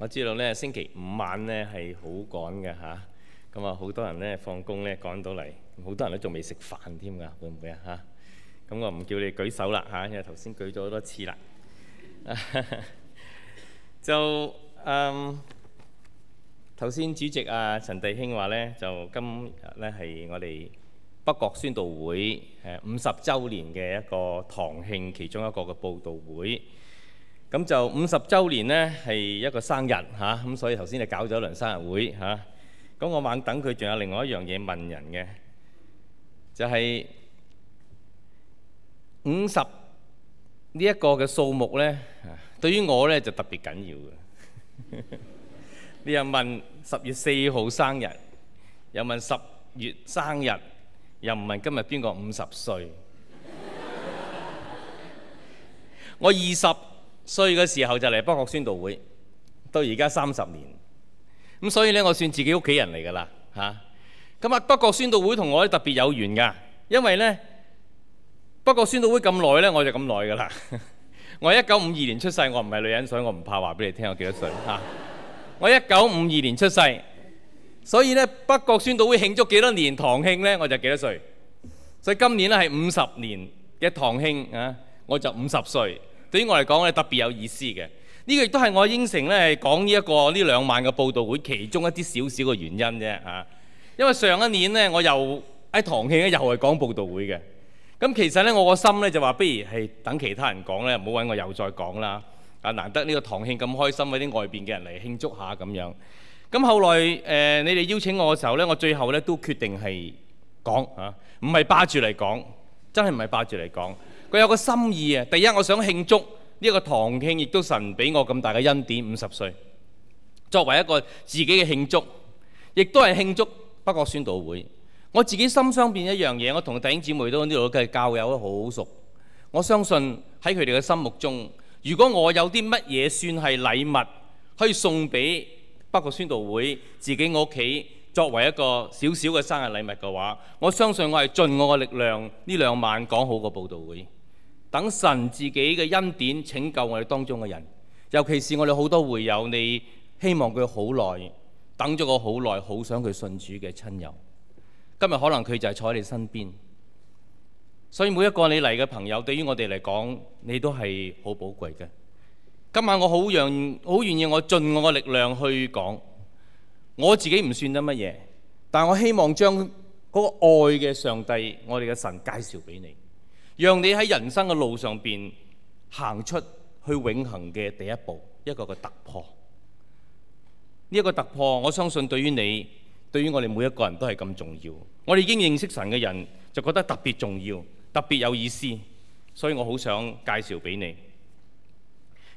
我知道咧，星期五晚咧係好趕㗎嚇，咁啊好多人咧放工咧趕到嚟，好多人都仲未食飯添㗎，會唔會啊嚇？咁我唔叫你舉手啦嚇，因為頭先舉咗好多次啦。就嗯頭先主席啊陳弟兄話咧，就今日咧係我哋北角宣道會誒五十週年嘅一個堂慶其中一個嘅報道會。咁就五十週年呢，係一個生日嚇，咁所以頭先你搞咗一輪生日會嚇。咁我猛等佢，仲有另外一樣嘢問人嘅，就係五十呢一個嘅數目呢。對於我呢就特別緊要嘅。你又問十月四號生日，又問十月生日，又唔問今日邊個五十歲？我二十歲嘅時候就嚟北角宣道會，到而家三十年。咁所以呢，我算自己屋企人嚟噶啦嚇。咁啊，北角宣道會同我特別有緣噶，因為呢，北角宣道會咁耐呢，我就咁耐噶啦。我一九五二年出世，我唔係女人，所以我唔怕話俾你聽我幾多歲嚇。啊、 我一九五二年出世，所以呢，北角宣道會慶祝幾多年堂慶呢？我就幾多歲。所以今年呢，係五十年嘅堂慶啊，我就五十歲。對於我嚟講咧，特別有意思嘅，這個、也是呢、這個亦都係我應承咧講呢一個呢兩晚嘅佈道會，其中一啲少少嘅原因啫嚇、啊。因為上一年呢，我又喺堂慶咧又係講佈道會嘅，咁、嗯、其實呢，我個心呢就話不如係等其他人講呢，唔好揾我又再講啦。啊，難得呢個堂慶咁開心，揾啲外邊嘅人嚟慶祝下咁樣。咁、嗯、後來誒、呃、你哋邀請我嘅時候呢，我最後呢都決定係講嚇，唔係霸住嚟講，真係唔係霸住嚟講。佢有個心意啊！第一，我想慶祝呢一個堂慶，亦都神俾我咁大嘅恩典，五十歲。作為一個自己嘅慶祝，亦都係慶祝北角宣道會。我自己心相邊有一樣嘢，我同弟兄姊妹都呢度嘅教友都好熟。我相信喺佢哋嘅心目中，如果我有啲乜嘢算係禮物可以送俾北角宣道會自己屋企，作為一個少少嘅生日禮物嘅話，我相信我係盡我嘅力量呢兩晚講好個佈道會。等神自己嘅恩典拯救我哋當中嘅人，尤其是我哋好多會友，你希望佢好耐等咗我好耐，好想佢信主嘅親友，今日可能佢就係坐喺你身邊。所以每一個你嚟嘅朋友，對於我哋嚟講，你都係好寶貴嘅。今晚我好讓，好願意我盡我嘅力量去講，我自己唔算得乜嘢，但我希望將嗰個愛嘅上帝，我哋嘅神介紹俾你。讓你喺人生嘅路上邊行出去永恒嘅第一步，一個個突破。呢、這、一個突破，我相信對於你，對於我哋每一個人都係咁重要。我哋已經認識神嘅人就覺得特別重要，特別有意思。所以我好想介紹俾你，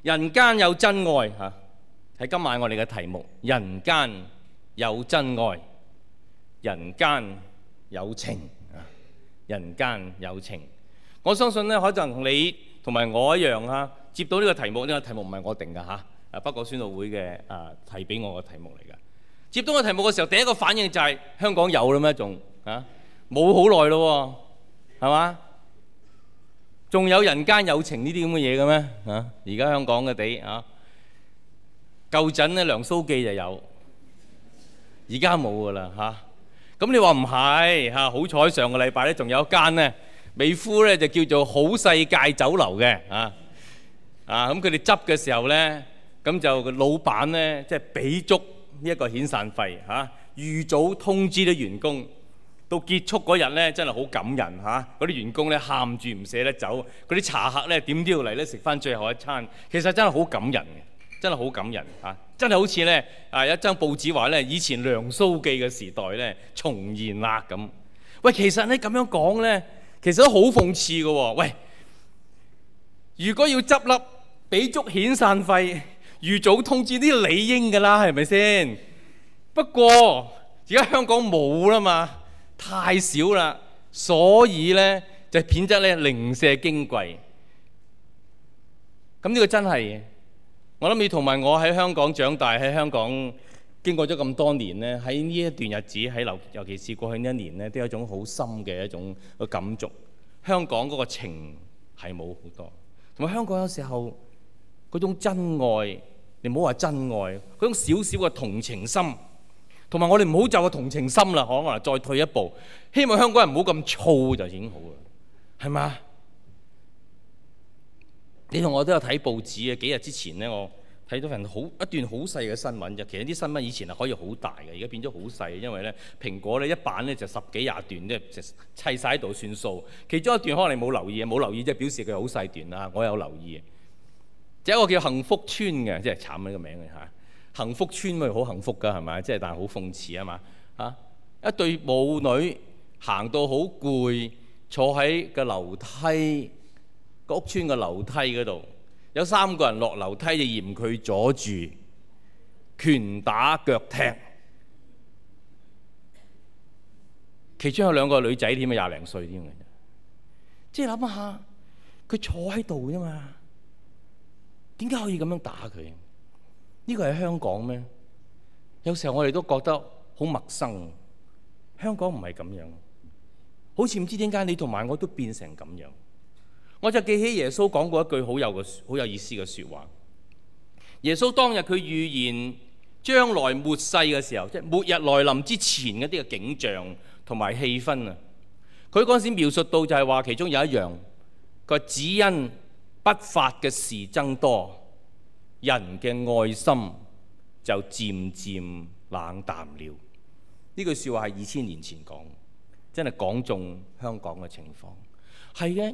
人間有真愛吓。喺、啊、今晚我哋嘅題目，人間有真愛，人間有情、啊、人間有情。我相信咧，可能同你同埋我一樣啊！接到呢個題目，呢、這個題目唔係我定噶嚇，誒不過宣道會嘅誒、啊、提俾我嘅題目嚟噶。接到個題目嘅時候，第一個反應就係、是、香港有啦咩？仲嚇冇好耐咯喎，係嘛？仲有人間友情呢啲咁嘅嘢嘅咩？嚇、啊！而家香港嘅地嚇舊陣咧，啊、梁蘇記就有，而家冇噶啦嚇。咁、啊、你話唔係嚇？啊、好彩上個禮拜咧，仲有一間呢。美孚呢就叫做好世界酒樓嘅啊啊！咁佢哋執嘅時候呢，咁就個老闆呢，即係俾足呢一個遣散費嚇、啊、預早通知啲員工到結束嗰日呢，真係好感人嚇嗰啲員工呢，喊住唔捨得走，嗰啲茶客呢，點都要嚟呢食翻最後一餐，其實真係好感人嘅，真係好感人嚇、啊，真係好似呢，啊有一張報紙話呢，以前梁蘇記嘅時代呢，重現啦咁喂，其實你咁樣講呢。其實都好諷刺嘅喎，喂！如果要執笠俾足遣散費，預早通知啲理應噶啦，係咪先？不過而家香港冇啦嘛，太少啦，所以呢就品質呢零舍矜貴。咁呢個真係，我諗你同埋我喺香港長大，喺香港。經過咗咁多年呢，喺呢一段日子，喺尤尤其是過去呢一年呢，都有一種好深嘅一種嘅感觸。香港嗰個情係冇好多，同埋香港有時候嗰種真愛，你唔好話真愛，嗰種少少嘅同情心，同埋我哋唔好就個同情心啦，可能我哋再退一步，希望香港人唔好咁燥，就已經好啦，係嘛？你同我都有睇報紙呀，幾日之前呢，我，睇到份好一段好細嘅新聞，就其實啲新聞以前係可以好大嘅，而家變咗好細，因為咧蘋果咧一版咧就十幾廿段，即係砌晒喺度算數。其中一段可能你冇留意，冇留意即係表示佢好細段啦。我有留意，就一個叫幸福村嘅，即係慘呢個名嘅，嚇！幸福村咪好幸福㗎係咪？即係但係好諷刺啊嘛嚇！一對母女行到好攰，坐喺個樓梯個屋村個樓梯嗰度。有三個人落樓梯就嫌佢阻住，拳打腳踢，其中有兩個女仔添啊，廿零歲添啊，即係諗下佢坐喺度啫嘛，點解可以咁樣打佢？呢個係香港咩？有時候我哋都覺得好陌生，香港唔係咁樣，好似唔知點解你同埋我都變成咁樣。我就記起耶穌講過一句好有個好有意思嘅説話。耶穌當日佢預言將來末世嘅時候，即係末日來臨之前嗰啲嘅景象同埋氣氛啊。佢嗰陣時描述到就係話其中有一樣佢只因不法嘅事增多，人嘅愛心就漸漸冷淡了。呢句説話係二千年前講，真係講中香港嘅情況。係嘅。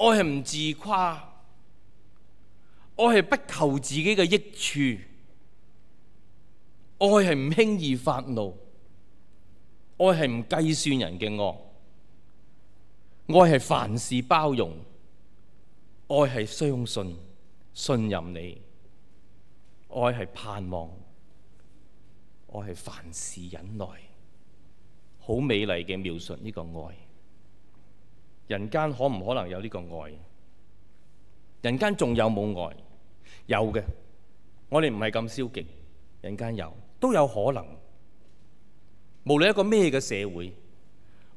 愛係唔自誇，愛係不求自己嘅益處，愛係唔輕易發怒，愛係唔計算人嘅惡，愛係凡事包容，愛係相信、信任你，愛係盼望，愛係凡事忍耐，好美麗嘅描述呢個愛。人間可唔可能有呢個愛？人間仲有冇愛？有嘅，我哋唔係咁消極。人間有，都有可能。無論一個咩嘅社會，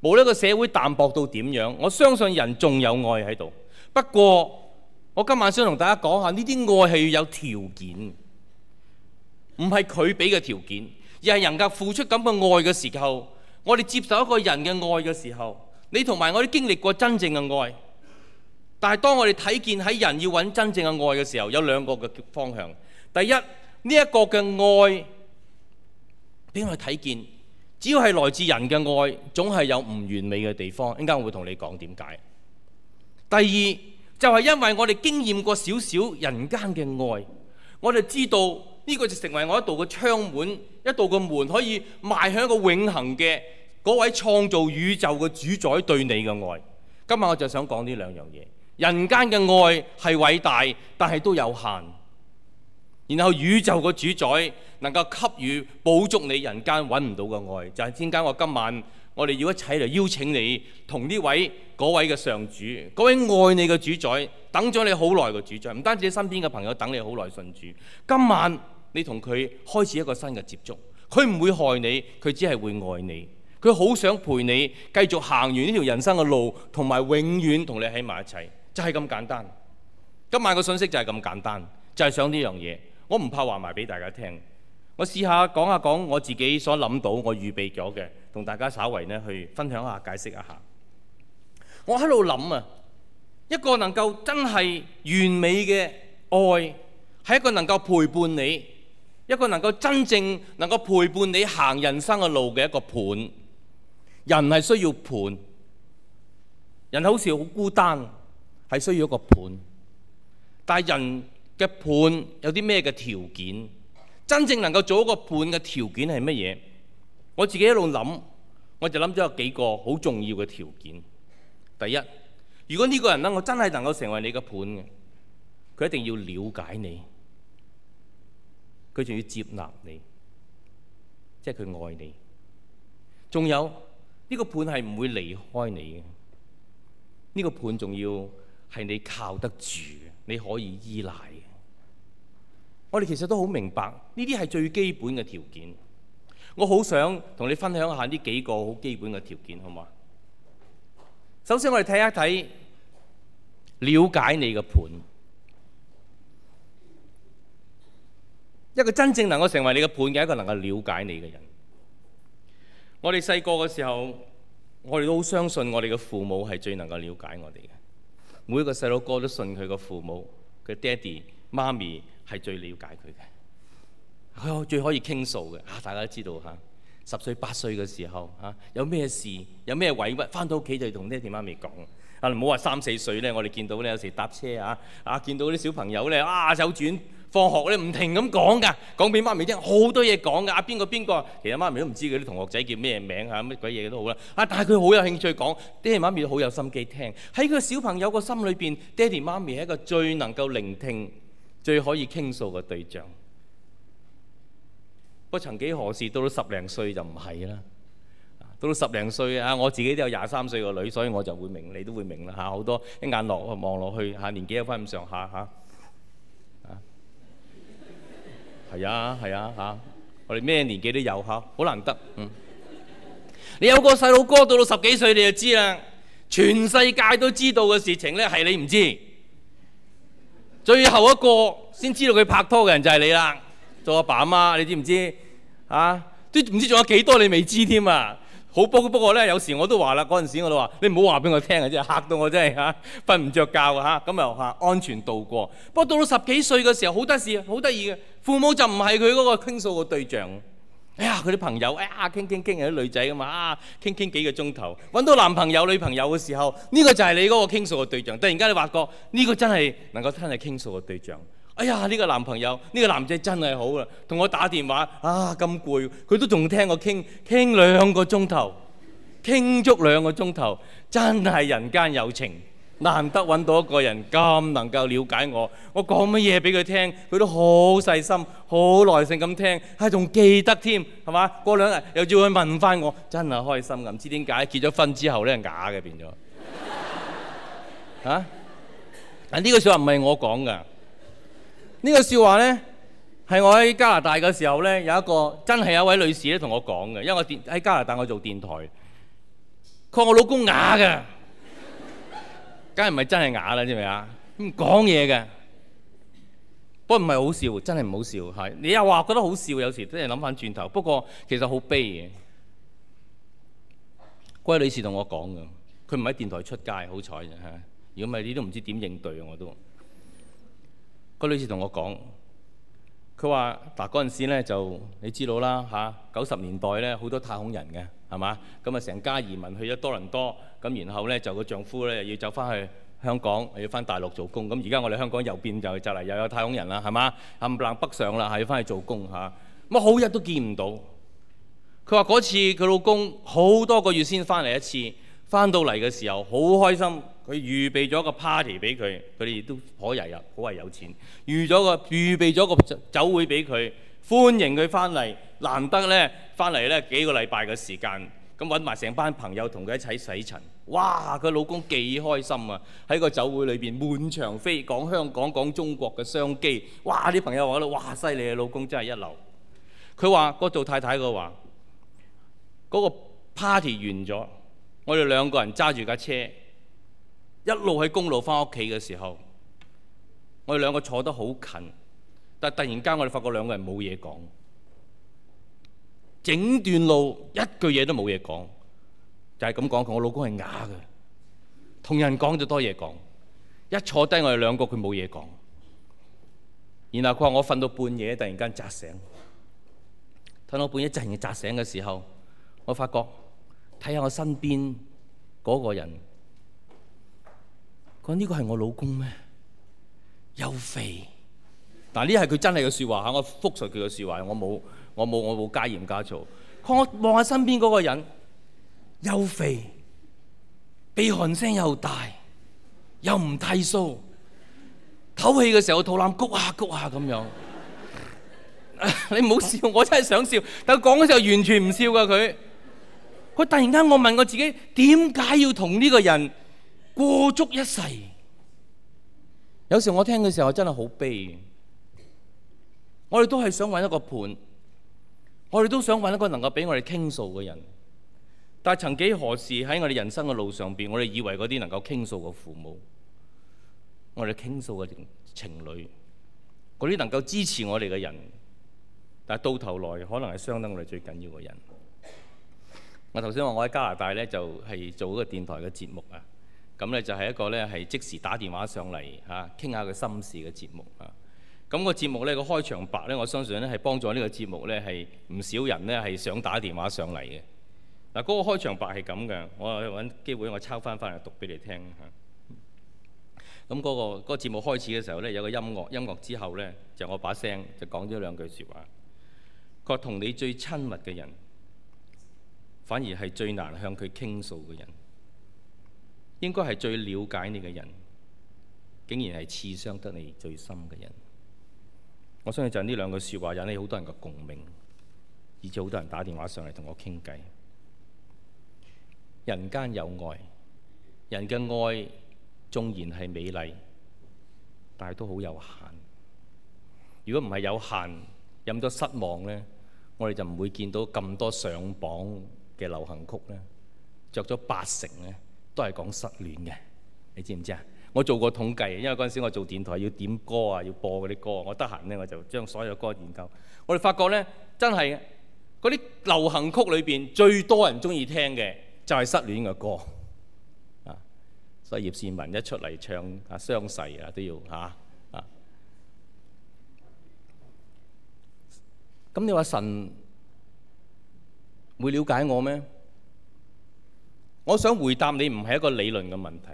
無論一個社會淡薄到點樣，我相信人仲有愛喺度。不過，我今晚想同大家講下，呢啲愛係要有條件，唔係佢俾嘅條件，而係人格付出咁嘅愛嘅時候，我哋接受一個人嘅愛嘅時候。你同埋我都經歷過真正嘅愛，但係當我哋睇見喺人要揾真正嘅愛嘅時候，有兩個嘅方向。第一，呢、這、一個嘅愛，邊個睇見？只要係來自人嘅愛，總係有唔完美嘅地方。陣間我會同你講點解。第二，就係、是、因為我哋經驗過少少人間嘅愛，我哋知道呢個就成為我一度嘅窗門，一度嘅門可以邁向一個永恒嘅，嗰位創造宇宙嘅主宰對你嘅愛，今晚我就想講呢兩樣嘢。人間嘅愛係偉大，但係都有限。然後宇宙嘅主宰能夠給予補足你人間揾唔到嘅愛，就係點解我今晚我哋要一齊嚟邀請你同呢位嗰位嘅上主，嗰位愛你嘅主宰，等咗你好耐嘅主宰，唔單止身邊嘅朋友等你好耐，信主。今晚你同佢開始一個新嘅接觸，佢唔會害你，佢只係會愛你。佢好想陪你繼續行完呢條人生嘅路，同埋永遠同你喺埋一齊，就係咁簡單。今晚嘅信息就係咁簡單，就係想呢樣嘢。我唔怕話埋俾大家聽，我試下講下講我自己所諗到，我預備咗嘅，同大家稍微呢去分享下，解釋一下。我喺度諗啊，一個能夠真係完美嘅愛，係一個能夠陪伴你，一個能夠真正能夠陪伴你行人生嘅路嘅一個伴。人係需要伴，人好似好孤單，係需要一個伴。但係人嘅伴有啲咩嘅條件？真正能夠做一個伴嘅條件係乜嘢？我自己一路諗，我就諗咗有幾個好重要嘅條件。第一，如果呢個人咧，我真係能夠成為你嘅伴嘅，佢一定要了解你，佢仲要接納你，即係佢愛你。仲有。呢個伴係唔會離開你嘅，呢個伴仲要係你靠得住，你可以依賴嘅。我哋其實都好明白，呢啲係最基本嘅條件。我好想同你分享下呢幾個好基本嘅條件，好唔好啊？首先，我哋睇一睇了解你嘅伴，一個真正能夠成為你嘅伴嘅，一個能夠了解你嘅人。我哋細個嘅時候，我哋都好相信我哋嘅父母係最能夠了解我哋嘅。每一個細路哥都信佢嘅父母，佢爹哋、媽咪係最了解佢嘅，佢最可以傾訴嘅。嚇，大家都知道嚇，十歲八歲嘅時候嚇，有咩事、有咩委屈，翻到屋企就同爹哋媽咪講。但唔好話三四歲咧，我哋見到咧有時搭車啊啊，見到啲小朋友咧啊走轉放學咧，唔停咁講噶，講俾媽咪聽好多嘢講噶。啊邊個邊個？其實媽咪都唔知嗰啲同學仔叫咩名嚇，乜鬼嘢都好啦。啊，但係佢好有興趣講，爹哋媽咪都好有心機聽。喺佢小朋友個心裏邊，爹哋媽咪係一個最能夠聆聽、最可以傾訴嘅對象。不曾幾何時，到咗十零歲就唔係啦。到十零歲啊！我自己都有廿三歲個女，所以我就會明，你都會明啦嚇。好多一眼落望落去嚇，年紀一分咁上下嚇，係啊係啊嚇、啊啊。我哋咩年紀都有嚇，好、啊、難得嗯。你有個細路哥到到十幾歲，你就知啦。全世界都知道嘅事情咧，係你唔知。最後一個先知道佢拍拖嘅人就係你啦。做阿爸阿媽，你知唔知道啊？都唔知仲有幾多你未知添啊！好，不過咧，有時我都話啦，嗰陣時我都話你唔好話俾我聽啊，真係嚇到我真係嚇，瞓唔着覺啊咁又嚇安全度過。不過到到十幾歲嘅時候，好得事，好得意嘅父母就唔係佢嗰個傾訴嘅對象。哎呀，佢啲朋友哎呀啊，傾傾傾，係啲女仔㗎嘛啊，傾傾幾個鐘頭，揾到男朋友女朋友嘅時候，呢個就係你嗰個傾訴嘅對象。突然間你發覺呢個真係能夠聽你傾訴嘅對象。哎呀！呢個男朋友，呢個男仔真係好啊！同我打電話啊，咁攰，佢都仲聽我傾傾兩個鐘頭，傾足兩個鐘頭，真係人間有情，難得揾到一個人咁能夠了解我。我講乜嘢俾佢聽，佢都好細心、好耐性咁聽，係仲記得添，係嘛？過兩日又仲會問翻我，真係開心咁。唔知點解結咗婚之後呢，係假嘅變咗，嚇！但呢個説話唔係我講㗎。呢個笑話呢，係我喺加拿大嘅時候呢，有一個真係有一位女士咧同我講嘅，因為我電喺加拿大，我做電台。佢話我老公啞嘅，梗係唔係真係啞啦。知未啊？唔講嘢嘅，不過唔係好笑，真係唔好笑。係你又話覺得好笑，有時真係諗翻轉頭。不過其實好悲嘅，嗰位女士同我講嘅，佢唔喺電台出街，好彩啫。如果唔係，不你都唔知點應對我都。個女士同我講，佢話嗱嗰陣時呢就你知道啦嚇，九十年代呢，好多太空人嘅係嘛，咁啊成家移民去咗多倫多，咁然後呢，就個丈夫呢要走翻去香港，又要翻大陸做工。咁而家我哋香港右邊又變就就嚟又有太空人啦，係嘛，冚唪唥北上啦，嚇要翻去做工嚇。咁、啊、好日都見唔到。佢話嗰次佢老公好多個月先翻嚟一次，翻到嚟嘅時候好開心。佢預備咗個 party 俾佢，佢哋都頗為有，頗為有錢。預咗個預備咗個酒會俾佢，歡迎佢翻嚟。難得呢翻嚟呢幾個禮拜嘅時間，咁揾埋成班朋友同佢一齊洗塵。哇！佢老公幾開心啊！喺個酒會裏邊滿場飛，講香港講中國嘅商機。哇！啲朋友話到哇，犀利啊！老公真係一流。佢話個做太太個話，嗰、嗰個 party 完咗，我哋兩個人揸住架車。一路喺公路返屋企嘅時候，我哋兩個坐得好近，但係突然間我哋發覺兩個人冇嘢講，整段路一句嘢都冇嘢講，就係咁講。佢，我老公係啞嘅，同人講就多嘢講，一坐低我哋兩個佢冇嘢講。然後佢話我瞓到半夜突然間扎醒，瞓到半夜突然間扎醒嘅時候，我發覺睇下我身邊嗰個人。講呢個係我老公咩？又肥，但呢係佢真係嘅説話嚇，我覆述佢嘅説話，我冇我冇我冇加鹽加醋。佢我望下身邊嗰個人，又肥，鼻鼾聲又大，又唔剃鬚，唞氣嘅時候肚腩谷下谷下咁樣。 你唔好笑，我真係想笑，但係講嘅時候完全唔笑㗎佢。佢突然間我問我自己，點解要同呢個人？過足一世，有時候我聽嘅時候我真的很悲，我真係好悲，我哋都係想揾一個伴，我哋都想揾一個能夠俾我哋傾訴嘅人。但係曾幾何時喺我哋人生嘅路上邊，我哋以為嗰啲能夠傾訴嘅父母，我哋傾訴嘅情情侶，嗰啲能夠支持我哋嘅人，但係到頭來可能係相當我哋最緊要嘅人。我頭先話我喺加拿大咧，就係、是、做一個電台嘅節目啊。咁咧就係一個咧係即時打電話上嚟嚇傾下佢心事嘅節目嚇。咁、那個節目咧個開場白咧，我相信咧係幫助呢個節目咧係唔少人咧係想打電話上嚟嘅。嗱、那、嗰個開場白係咁嘅，我係搵機會我抄翻翻嚟讀俾你聽嚇。咁、那、嗰個嗰、那個、節目開始嘅時候咧，有個音樂音樂之後咧就是、我把聲就講咗兩句説話。個同你最親密嘅人，反而係最難向佢傾訴嘅人。應該係最了解你嘅人，竟然係刺傷得你最深嘅人。我相信就係呢兩句説話引起好多人嘅共鳴，以致好多人打電話上嚟同我傾偈。人間有愛，人嘅愛縱然係美麗，但係都好有限。如果唔係有限，有咁多失望呢，我哋就唔會見到咁多上榜嘅流行曲呢，着咗八成呢。」都係講失戀嘅，你知唔知啊？我做過統計，因為嗰陣時我做電台要點歌啊，要播嗰啲歌，我得閒咧我就將所有歌研究。我哋發覺咧，真係嗰啲流行曲裏邊最多人中意聽嘅就係失戀嘅歌啊！所以葉倩文一出嚟唱啊，傷逝啊都要嚇啊！咁你話神會瞭解我咩？我想回答你，唔係一個理論嘅問題，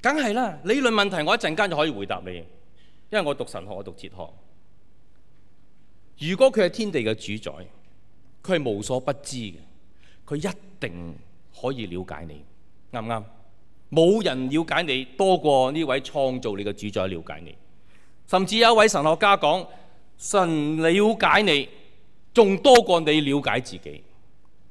梗係啦，理論問題我一陣間就可以回答你，因為我讀神學，我讀哲學。如果佢係天地嘅主宰，佢係無所不知嘅，佢一定可以了解你，啱唔啱？冇人了解你多過呢位創造你嘅主宰了解你，甚至有一位神學家講，神了解你，仲多過你了解自己，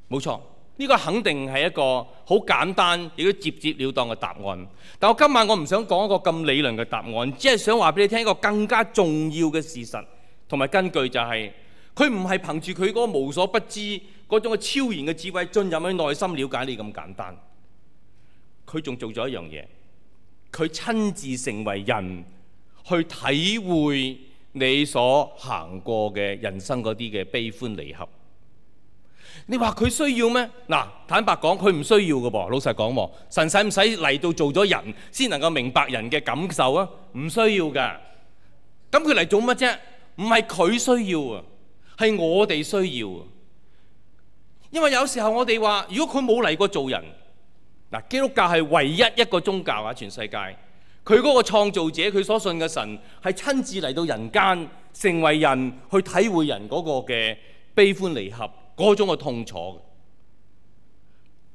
冇錯。呢、這個肯定係一個好簡單，亦都直截了當嘅答案。但我今晚我唔想講一個咁理論嘅答案，只係想話俾你聽一個更加重要嘅事實同埋根據，就是，就係佢唔係憑住佢嗰個無所不知嗰種嘅超然嘅智慧進入去內心了解你咁簡單。佢仲做咗一樣嘢，佢親自成為人去體會你所行過嘅人生嗰啲嘅悲歡離合。你話佢需要咩？嗱，坦白講，佢唔需要嘅噃。老實講，神使唔使嚟到做咗人先能夠明白人嘅感受啊？唔需要㗎。咁佢嚟做乜啫？唔係佢需要啊，係我哋需要啊。因為有時候我哋話，如果佢冇嚟過做人，嗱，基督教係唯一一個宗教啊！全世界佢嗰個創造者，佢所信嘅神係親自嚟到人間成為人去體會人嗰個嘅悲歡離合。嗰種嘅痛楚，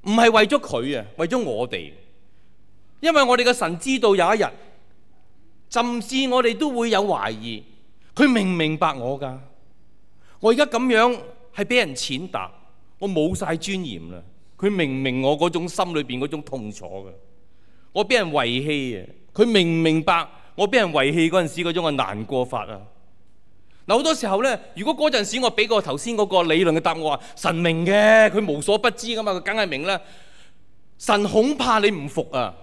唔係為咗佢啊，為咗我哋。因為我哋嘅神知道有一日，甚至我哋都會有懷疑，佢明唔明白我㗎？我而家咁樣係俾人踐踏，我冇晒尊嚴啦。佢明唔明我嗰種心裏邊嗰種痛楚㗎？我俾人遺棄啊！佢明唔明白我俾人遺棄嗰陣時嗰種嘅難過法啊？有好多時候呢，如果嗰陣時我俾個頭先嗰個理論嘅答案話，神明嘅佢無所不知噶嘛，佢梗係明啦。神恐怕你唔服啊，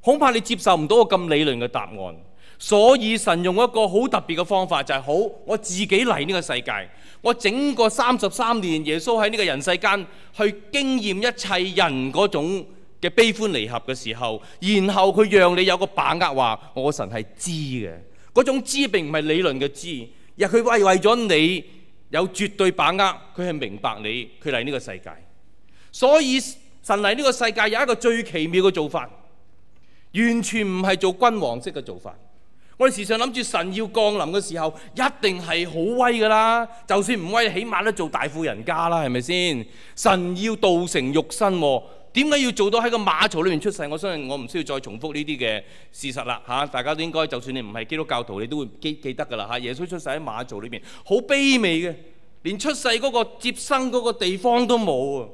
恐怕你接受唔到我咁理論嘅答案，所以神用一個好特別嘅方法，就係、是、好我自己嚟呢個世界，我整個三十三年耶穌喺呢個人世間去經驗一切人嗰種嘅悲歡離合嘅時候，然後佢讓你有個把握話，我神係知嘅。嗰種知並唔係理論嘅知，而係佢為咗你有絕對把握，佢係明白你，佢嚟呢個世界。所以神嚟呢個世界有一個最奇妙嘅做法，完全唔係做君王式嘅做法。我哋時常諗住神要降臨嘅時候，一定係好威㗎啦，就算唔威，起碼都做大富人家啦，係咪先？神要道成肉身喎、哦。點解要做到喺個馬槽裏邊出世？我相信我唔需要再重複呢啲嘅事實啦嚇！大家都應該，就算你唔係基督教徒，你都會記記得㗎啦嚇！耶穌出世喺馬槽裏邊，好卑微嘅，連出世嗰個接生嗰個地方都冇啊！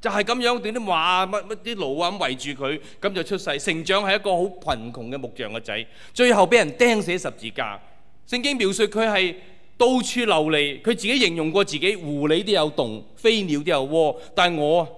就係咁樣，啲馬啊、乜乜啲驢啊咁圍住佢，咁就出世。成長係一個好貧窮嘅木匠嘅仔，最後俾人釘死喺十字架。聖經描述佢係到處流離，佢自己形容過自己，狐狸都有洞，飛鳥都有窩，但係我啊～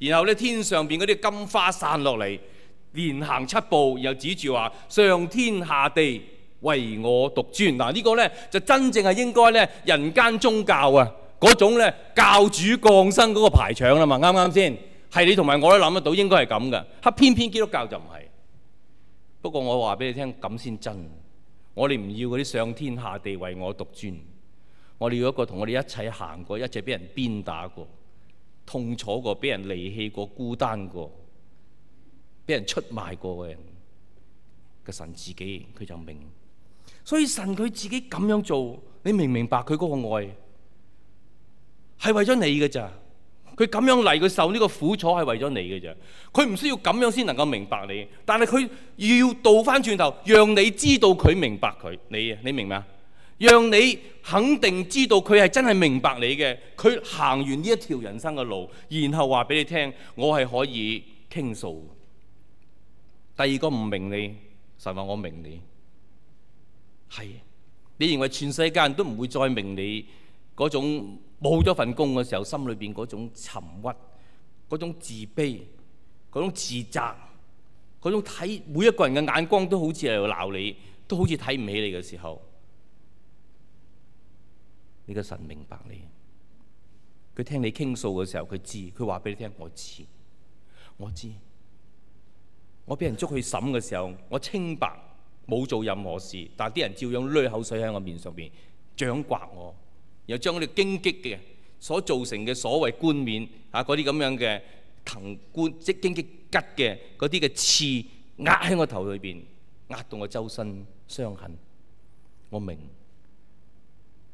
然後咧，天上邊嗰啲金花散落嚟，連行七步，又指住話上天下地為我獨尊。嗱，呢個呢，就真正係應該呢，人間宗教啊嗰種呢，教主降生嗰個排場啊嘛。啱啱先？係你同埋我都諗得到，應該係咁噶。黑，偏偏基督教就唔係。不過我話俾你聽，咁先真。我哋唔要嗰啲上天下地為我獨尊，我哋要一個同我哋一齊行過，一齊俾人鞭打過。痛楚過，俾人離棄過，孤單過，俾人出賣過嘅個人，個神自己佢就明，所以神佢自己咁樣做，你明唔明白佢嗰個愛係為咗你嘅咋？佢咁樣嚟，佢受呢個苦楚係為咗你嘅咋？佢唔需要咁樣先能夠明白你，但係佢要倒翻轉頭，讓你知道佢明白佢你，你明唔明啊？讓你肯定知道佢係真係明白你嘅，佢行完呢一條人生嘅路，然後話俾你聽，我係可以傾訴。第二個唔明你，神話我明你，係。你認為全世界人都唔會再明你嗰種冇咗份工嘅時候，心裏邊嗰種沉鬱、嗰種自卑、嗰種自責、嗰種睇每一個人嘅眼光都好似係鬧你，都好似睇唔起你嘅時候。呢個神明白你，佢聽你傾訴嘅時候，佢知，佢話俾你聽，我知，我知。我俾人捉去審嘅時候，我清白，冇做任何事，但係啲人照樣甩口水喺我面上邊，掌摑我，又將嗰啲荊棘嘅所造成嘅所謂冠冕啊，嗰啲咁樣嘅藤冠即荊棘吉嘅嗰啲嘅刺壓喺我頭裏邊，壓到我周身傷痕，我明。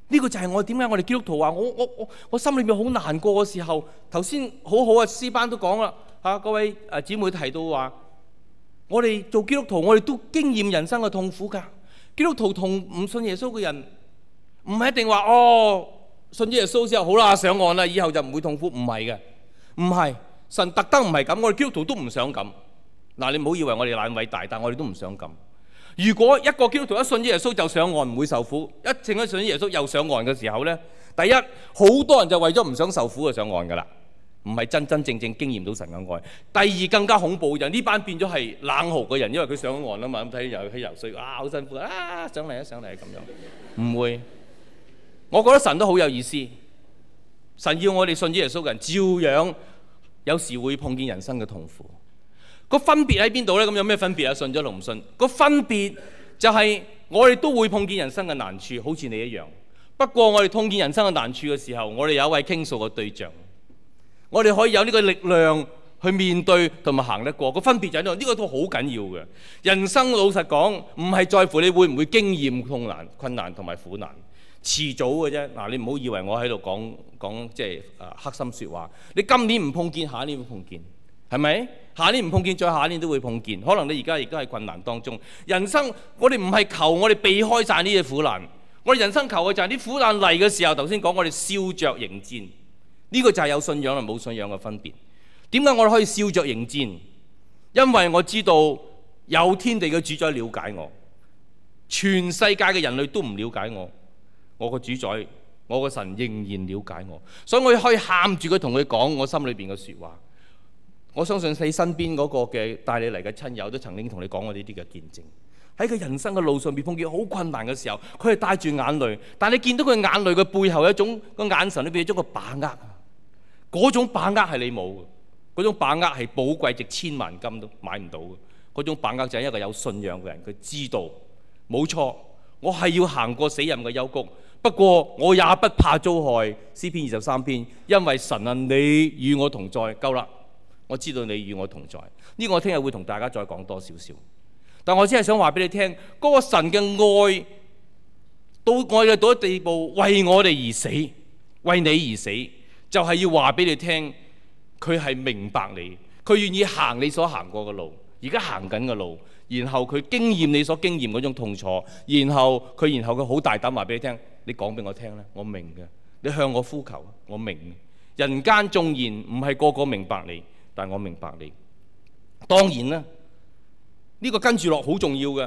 呢個就係我點解我哋基督徒話我我我我心裏面好難過嘅時候，頭先好好啊，詩班都講啦嚇，各位啊姊妹提到話，我哋做基督徒，我哋都經驗人生嘅痛苦㗎。基督徒同唔信耶穌嘅人，唔係一定話哦，信咗耶穌之後好啦，上岸啦，以後就唔會痛苦，唔係嘅，唔係神特登唔係咁，我哋基督徒都唔想咁嗱，你唔好以為我哋懶偉大，但係我哋都唔想咁。如果一個基督徒一信耶穌就上岸唔會受苦，一淨係信耶穌又上岸嘅時候呢，第一好多人就為咗唔想受苦就上岸噶啦，唔係真真正正經驗到神嘅愛。第二，更加恐怖的就呢、是、班變咗係冷酷嘅人，因為佢上岸啊嘛，咁睇住游喺游水啊好辛苦啊，上嚟一上嚟咁樣，唔 會。我覺得神都好有意思，神要我哋信耶穌嘅人，照樣有時會碰見人生嘅痛苦。個分別喺邊度呢？咁有咩分別啊？信咗同唔信？個分別就係我哋都會碰見人生嘅難處，好似你一樣。不過我哋碰見人生嘅難處嘅時候，我哋有一位傾訴嘅對象，我哋可以有呢個力量去面對同埋行得過。個分別就喺度，呢個都好緊要嘅。人生老實講，唔係在乎你會唔會經驗困難、困難同埋苦難，遲早嘅啫。嗱，你唔好以為我喺度講講即係黑心説話。你今年唔碰見，下一年會碰見。係咪？下年唔碰見，再下年都會碰見。可能你而家亦都係困難當中。人生我哋唔係求我哋避開晒呢啲苦難，我哋人生求嘅就係、是、啲苦難嚟嘅時候，頭先講我哋笑着迎戰。呢、這個就係有信仰同冇信仰嘅分別。點解我哋可以笑着迎戰？因為我知道有天地嘅主宰了解我，全世界嘅人類都唔了解我，我個主宰、我個神仍然了解我，所以我哋可以喊住佢同佢講我心裏邊嘅說話。我相信你身邊嗰個嘅帶你嚟嘅親友都曾經同你講過呢啲嘅見證。喺佢人生嘅路上面碰見好困難嘅時候，佢係帶住眼淚，但你見到佢眼淚嘅背後有一種個眼神，裏邊有咗個把握啊！嗰種把握係你冇嘅，嗰種把握係寶貴值千萬金都買唔到嘅。嗰種把握就係一個有信仰嘅人，佢知道冇錯，我係要行過死蔭嘅幽谷，不過我也不怕遭害。詩篇二十三篇，因為神啊，你與我同在。夠啦。我知道你與我同在呢個，我聽日會同大家再講多少少。但我只係想話俾你聽，嗰個神嘅愛到愛嘅到一地步，為我哋而死，為你而死，就係要話俾你聽，佢係明白你，佢願意行你所行過嘅路，而家行緊嘅路，然後佢經驗你所經驗嗰種痛楚，然後佢，然後佢好大膽話俾你聽，你講俾我聽咧，我明嘅。你向我呼求，我明。人間縱然唔係個個明白你。但我明白你，當然啦，呢個跟住落好重要嘅，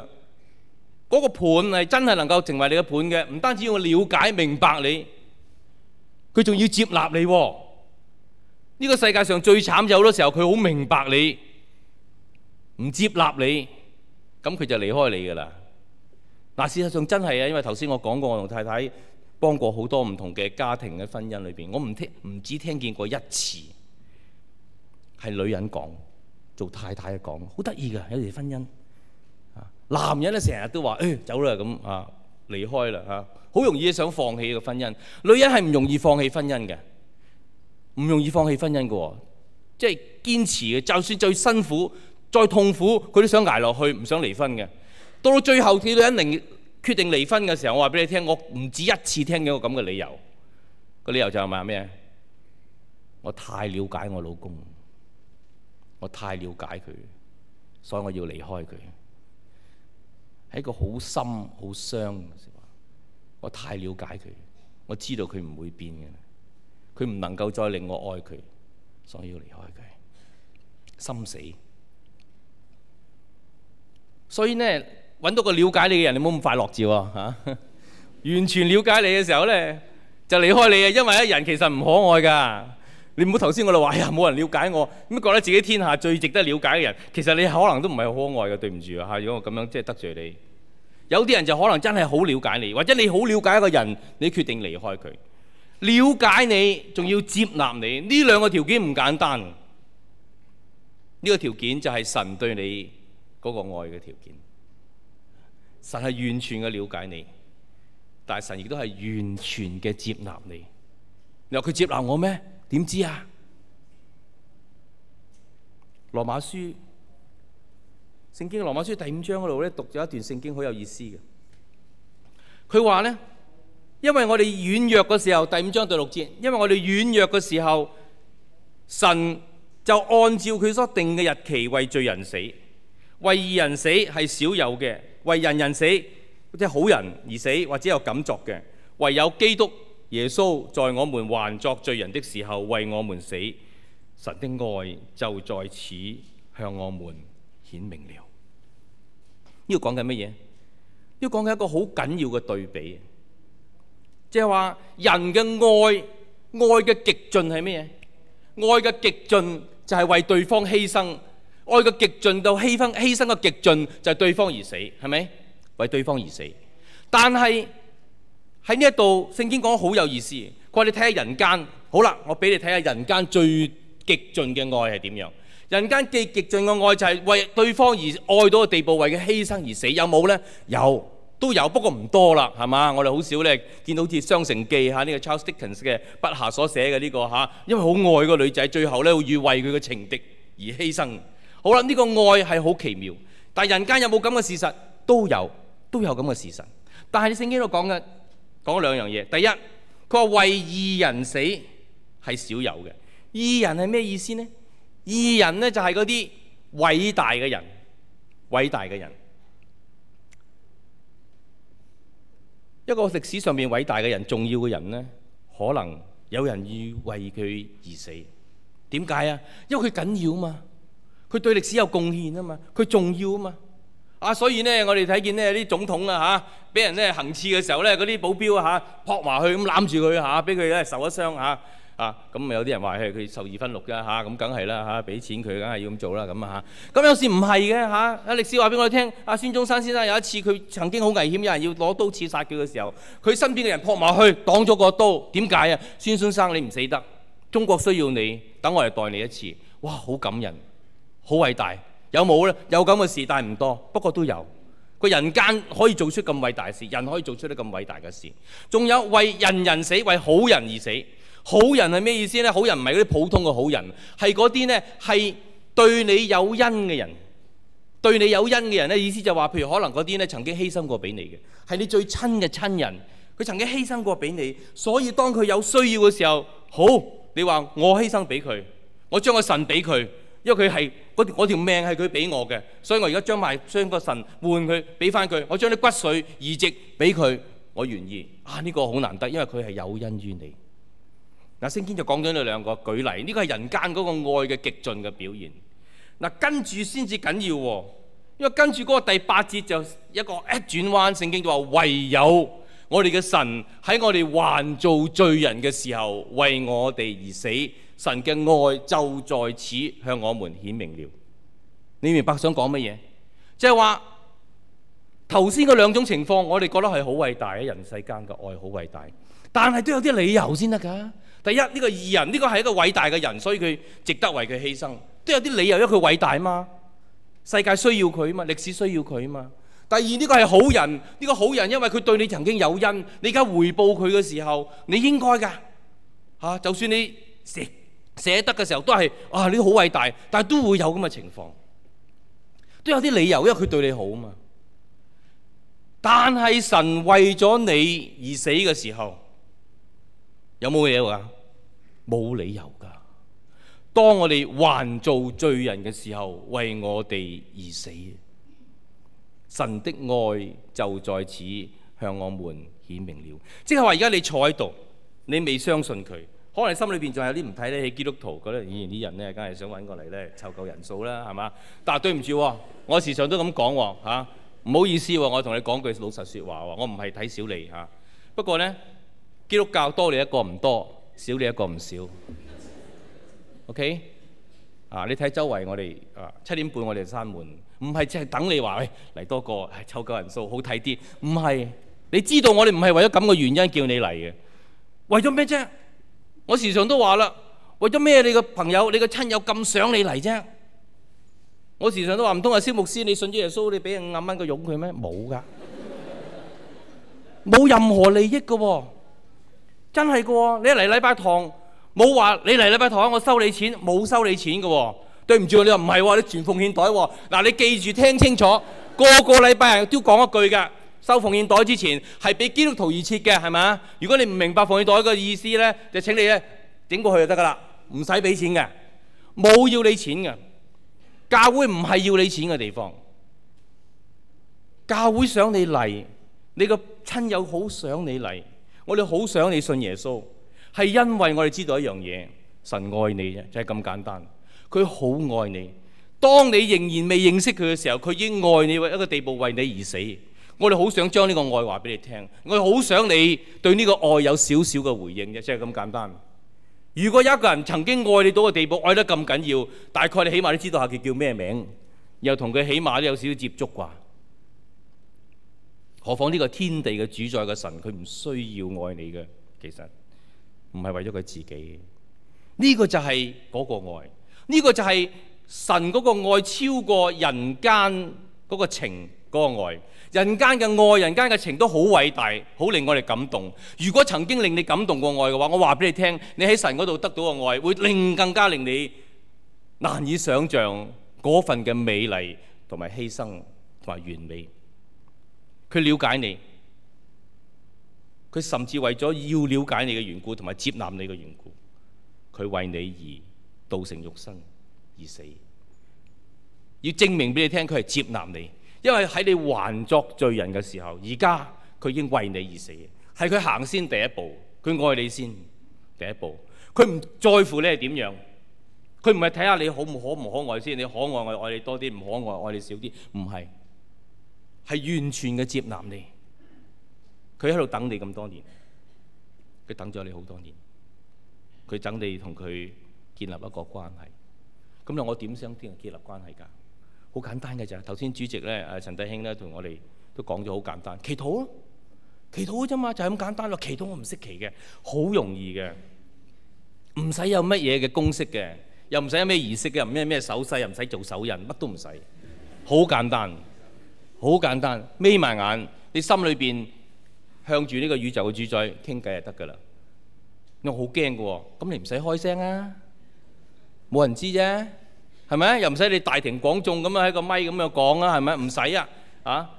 嗰個伴係真係能夠成為你嘅伴嘅，唔單止要我了解明白你，佢仲要接納你。呢個世界上最慘有好多時候，佢好明白你，唔接納你，咁佢就離開你㗎啦。但事實上真係啊，因為頭先我講過，我同太太幫過好多唔同嘅家庭嘅婚姻裏邊，我唔聽唔止聽見過一次。係女人講，做太太嘅講，好得意嘅有時婚姻。男人咧成日都話，誒，走啦咁啊，離開啦嚇，好容易想放棄個婚姻。女人係唔容易放棄婚姻嘅，唔容易放棄婚姻嘅喎，即係堅持嘅。就算最辛苦、再痛苦，佢都想挨落去，唔想離婚嘅。到到最後，啲女人寧願決定離婚嘅時候，我話俾你聽，我唔止一次聽過個咁嘅理由。個理由就係咩？咩？我太了解我老公。我太了解佢，所以我要離開佢。係一個好深、好傷嘅說話。我太了解佢，我知道佢唔會變嘅，佢唔能夠再令我愛佢，所以要離開佢，心死。所以呢，揾到個了解你嘅人，你冇咁快樂照吓。啊、 完全了解你嘅時候咧，就離開你啊！因為一人其實唔可愛噶。你唔好頭先我哋話呀，冇人了解我，咁覺得自己天下最值得了解嘅人，其實你可能都唔係好可愛嘅，對唔住啊！如果我咁樣即係得罪你，有啲人就可能真係好了解你，或者你好了解一個人，你決定離開佢，了解你仲要接納你，呢兩個條件唔簡單。呢個條件就係神對你嗰個愛嘅條件。神係完全嘅了解你，但係神亦都係完全嘅接納你。你話佢接納我咩？點知啊？羅馬書聖經羅馬書第五章嗰度咧，讀咗一段聖經好有意思嘅。佢話呢，因為我哋軟弱嘅時候，第五章第六節，因為我哋軟弱嘅時候，神就按照佢所定嘅日期為罪人死，為義人死係少有嘅，為人人死，即係好人而死或者有感作嘅，唯有基督。耶穌在我們還作罪人的時候為我們死，神的愛就在此向我們顯明了。呢度講緊乜嘢？呢度講緊一個好緊要嘅對比，即係話人嘅愛，愛嘅極盡係乜嘢？愛嘅極盡就係為對方犧牲，愛嘅極盡到犧牲，犧牲嘅極盡就係對方而死，係咪？為對方而死，但係。喺呢一度聖經講得好有意思，佢話你睇下人間，好啦，我俾你睇下人間最極盡嘅愛係點樣。人間嘅極盡嘅愛就係為對方而愛到個地步，為佢犧牲而死，有冇呢？有，都有，不過唔多啦，係嘛？我哋好少咧見到好似《雙城記》嚇、呢、呢個 Charles Dickens 嘅筆下所寫嘅呢、呢個嚇，因為好愛個女仔，最後咧會要為佢嘅情敵而犧牲。好啦，呢、呢個愛係好奇妙，但係人間有冇咁嘅事實？都有，都有咁嘅事實。但係聖經都講嘅。講咗兩樣嘢。第一，佢話為義人死係少有嘅。義人係咩意思呢？義人呢就係嗰啲偉大嘅人，偉大嘅人。一個歷史上面偉大嘅人，重要嘅人呢，可能有人要為佢而死。點解啊？因為佢緊要嘛，佢對歷史有貢獻啊嘛，佢重要啊嘛。啊，所以呢，我哋睇見呢啲總統啊嚇，俾人咧行刺嘅時候呢，嗰啲保鏢啊嚇撲埋去咁攬住佢嚇，俾佢咧受咗傷嚇。啊，咁、啊啊啊啊、有啲人話係佢受二分六嘅嚇，咁梗係啦嚇，俾、啊、錢佢梗係要咁做啦咁啊咁、啊、有時唔係嘅嚇，喺、啊、歷史話俾我哋聽，阿孫中山先生有一次佢曾經好危險，有人要攞刀刺殺佢嘅時候，佢身邊嘅人撲埋去擋咗個刀。點解啊？孫，孫先生你唔死得，中國需要你，等我嚟代你一次。哇，好感人，好偉大。有冇呢？有咁嘅事，但係唔多。不過都有，個人間可以做出咁偉大嘅事，人可以做出啲咁偉大嘅事。仲有為人人死，為好人而死。好人係咩意思呢？好人唔係嗰啲普通嘅好人，係嗰啲呢係對你有恩嘅人，對你有恩嘅人呢，意思就話，譬如可能嗰啲呢曾經犧牲過俾你嘅，係你最親嘅親人，佢曾經犧牲過俾你，所以當佢有需要嘅時候，好，你話我犧牲俾佢，我將個腎俾佢，因為佢係。我的命是他，我條命係佢俾我嘅，所以我而家將埋將個腎換佢俾翻佢，我將啲骨髓移植俾佢，我願意。啊呢、這個好難得，因為佢係有恩於你。嗱、啊，聖經就講咗呢兩個舉例，呢、這個係人間嗰個愛嘅極盡嘅表現。嗱、啊，跟住先至緊要、啊，因為跟住嗰個第八節就一個一轉彎，聖經就話唯有我哋嘅神喺我哋還做罪人嘅時候為我哋而死。神嘅愛就在此向我們顯明了。你明白想講乜嘢？即係話頭先嗰兩種情況，我哋覺得係好偉大嘅，人世間嘅愛好偉大，但係都有啲理由先得㗎。第一，呢個義人，呢個係一個偉大嘅人，所以佢值得為佢犧牲，都有啲理由，因為佢偉大嘛。世界需要佢嘛，歷史需要佢嘛。第二，呢個係好人，呢個好人因為佢對你曾經有恩，你而家回報佢嘅時候，你應該㗎、啊、就算你捨得嘅時候都係啊，你都好偉大，但係都會有咁嘅情況，都有啲理由，因為佢對你好嘛。但係神為咗你而死嘅時候，有冇嘢噶？冇理由噶。當我哋還做罪人嘅時候，為我哋而死，神的愛就在此向我們顯明了。即係話，而家你坐喺度，你未相信佢。可能你心裏邊仲有啲唔睇得起，基督徒覺得以前啲人咧，梗係想揾過嚟咧，湊夠人數啦，係嘛？但係對唔住，我時常都咁講嚇，唔好意思喎，我同你講句老實説話喎，我唔係睇小你嚇。不過咧，基督教多你一個唔多，少你一個唔少。OK 啊？你睇周圍，我哋啊七點半我哋就閂門，唔係即係等你話喂，嚟多個係湊夠人數好睇啲，唔係，你知道我哋唔係為咗咁嘅原因叫你嚟嘅，為咗咩啫？我時常都話啦，為咗咩你個朋友、你個親友咁想你嚟啫？我時常都話唔通阿蕭牧師，你信咗耶穌，你俾五廿蚊個傭佢咩？冇噶，冇任何利益噶喎，真係噶喎！你一嚟禮拜堂冇話你嚟禮拜堂，我收你錢，冇收你錢噶喎。對唔住，你又唔係喎，你全奉獻袋喎。嗱，你記住聽清楚，個個禮拜日都講一句㗎。收奉獻袋之前係俾基督徒而設嘅，係咪？如果你唔明白奉獻袋嘅意思呢，就請你呢整過去就得噶啦，唔使俾錢嘅，冇要你錢嘅。教會唔係要你錢嘅地方，教會想你嚟，你個親友好想你嚟，我哋好想你信耶穌，係因為我哋知道一樣嘢，神愛你啫，就係咁簡單。佢好愛你，當你仍然未認識佢嘅時候，佢已經愛你為一個地步，為你而死。我哋好想將呢個愛話俾你聽，我哋好想你對呢個愛有少少嘅回應啫，即係咁簡單。如果一個人曾經愛你到個地步，愛得咁緊要，大概你起碼都知道下佢叫咩名，又同佢起碼都有少少接觸啩。何況呢個天地嘅主宰嘅神，佢唔需要愛你嘅，其實唔係為咗佢自己。呢個就係嗰個愛，呢個就係神嗰個愛超過人間嗰個情。嗰個愛，人間嘅愛，人間嘅情都好偉大，好令我哋感動。如果曾經令你感動過愛嘅話，我話俾你聽，你喺神嗰度得到嘅愛，會令更加令你難以想像嗰份嘅美麗同埋犧牲同埋完美。佢了解你，佢甚至為咗要了解你嘅緣故同埋接納你嘅緣故，佢為你而道成肉身而死，要證明俾你聽，佢係接納你。因為喺你還作罪人嘅時候，而家佢已經為你而死嘅，係佢行先第一步，佢愛你先第一步，佢唔在乎你係點樣，佢唔係睇下你好可唔可，可愛先，你可愛我愛你多啲，唔可愛我愛你少啲，唔係，係完全嘅接納你，佢喺度等你咁多年，佢等咗你好多年，佢等你同佢建立一個關係，咁樣我點想建立關係㗎？好簡單嘅咋。頭先主席咧，阿陳德興咧同我哋都講咗好簡單，祈禱咯，祈禱嘅啫嘛，就係咁簡單咯。祈禱我唔識祈嘅，好容易嘅，唔使有乜嘢嘅公式嘅，又唔使有咩儀式嘅，又唔使有咩手勢，又唔使做手印，乜都唔使，好 簡單，好簡單，眯埋眼，你心裏邊向住呢個宇宙嘅主宰傾偈就得噶啦。我好驚嘅喎，咁你唔使開聲啊，冇人知啫。係咪？又唔使你大庭廣眾咁樣喺個咪咁樣講啊？係咪？唔使啊！啊！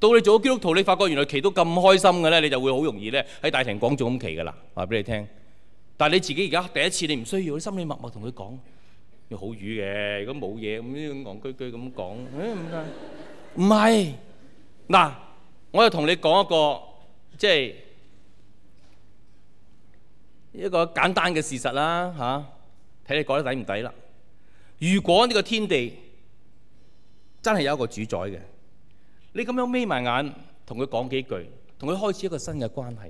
到你做咗基督徒，你發覺原來祈禱咁開心嘅咧，你就會好容易咧喺大庭廣眾咁祈禱噶啦。話俾你聽。但係你自己而家第一次你唔需要，你心裏默默同佢講，你好瘀嘅，如果冇嘢咁樣戇居居咁講。誒唔該，唔係。嗱，我又同你講一個，即係一個簡單嘅事實啦。嚇，睇你講得抵唔抵啦。如果呢個天地真係有一個主宰嘅，你咁樣眯埋眼同佢講幾句，同佢開始一個新嘅關係，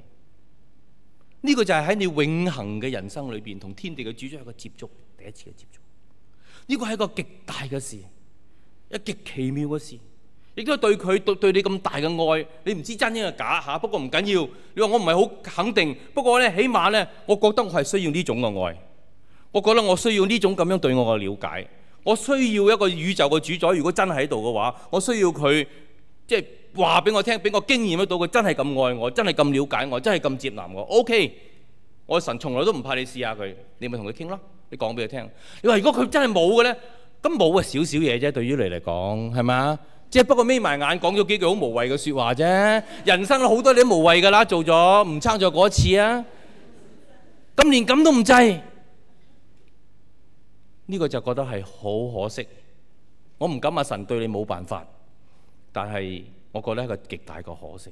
呢個就係喺你永恆嘅人生裏邊同天地嘅主宰的一個接觸，第一次嘅接觸。呢個係一個極大嘅事，一極奇妙嘅事，亦都對佢對對你咁大嘅愛，你唔知真定係假嚇。不過唔緊要，你話我唔係好肯定，不過咧，起碼咧，我覺得我係需要呢種嘅愛。我覺得我需要呢種咁樣對我嘅了解，我需要一個宇宙嘅主宰。如果真喺度嘅話，我需要佢即係話俾我聽，俾我經驗得到佢真係咁愛我，真係咁了解我，真係咁接納我。OK，我神從來都唔怕你試下佢，你咪同佢傾咯，你講俾佢聽。你話如果佢真係冇嘅呢？咁冇啊少少嘢啫，對於你嚟講係咪啊？即係不過眯埋眼講咗幾句好無謂嘅説話啫。人生好多你都無謂㗎啦，做咗唔撐咗嗰一次啊，咁連咁都唔制。呢個就覺得係好可惜，我唔敢話神對你冇辦法，但係我覺得係一個極大個可惜。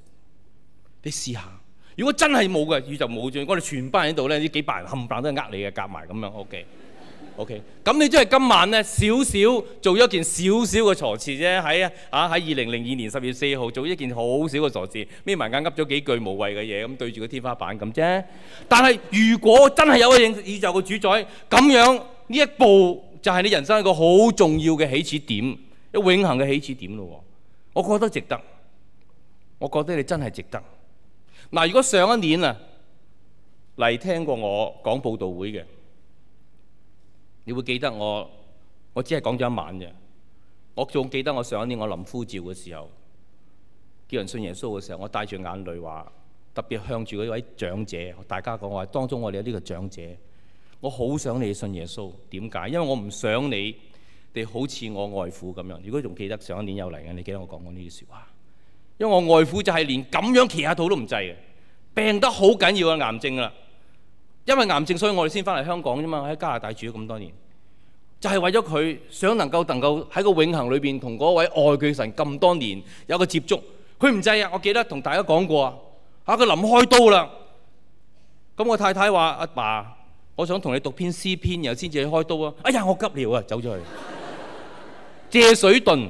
你試下，如果真係冇嘅宇宙冇主，我哋全班人喺度呢，呢幾百人冚唪唥都係呃你嘅夾埋咁樣。O K，O K，咁你真係今晚呢，少少做咗件少少嘅傻事啫，喺啊喺二零零二年十月四號做一件好少嘅傻事，瞇埋眼噏咗幾句無謂嘅嘢，咁對住個天花板咁啫。但係如果真係有一個宇宙嘅主宰咁樣。呢一步就係你人生一個好重要嘅起始點，一永恆嘅起始點咯。我覺得值得，我覺得你真係值得。嗱，如果上一年啊嚟聽過我講佈道會嘅，你會記得我，我只係講咗一晚啫。我仲記得我上一年我臨呼召嘅時候，叫人信耶穌嘅時候，我帶住眼淚話，特別向住嗰位長者，大家講話，當中我哋有呢個長者。我好想你信耶穌，點解？因為我唔想你哋好似我外父咁樣。如果仲記得上一年有嚟嘅，你記得我講過呢啲説話。因為我外父就係連咁樣祈下禱都唔制嘅，病得好緊要嘅癌症啦。因為癌症，所以我哋先翻嚟香港啫嘛，喺加拿大住咗咁多年，就係為咗佢想能夠能夠喺個永恆裏面同嗰位愛佢神咁多年有個接觸。佢唔制啊，我記得同大家講過啊，嚇佢臨開刀啦。咁我太太話：阿爸。我想同你讀篇詩篇，然後先至去開刀啊！哎呀，我急尿啊，走咗去 借水遁，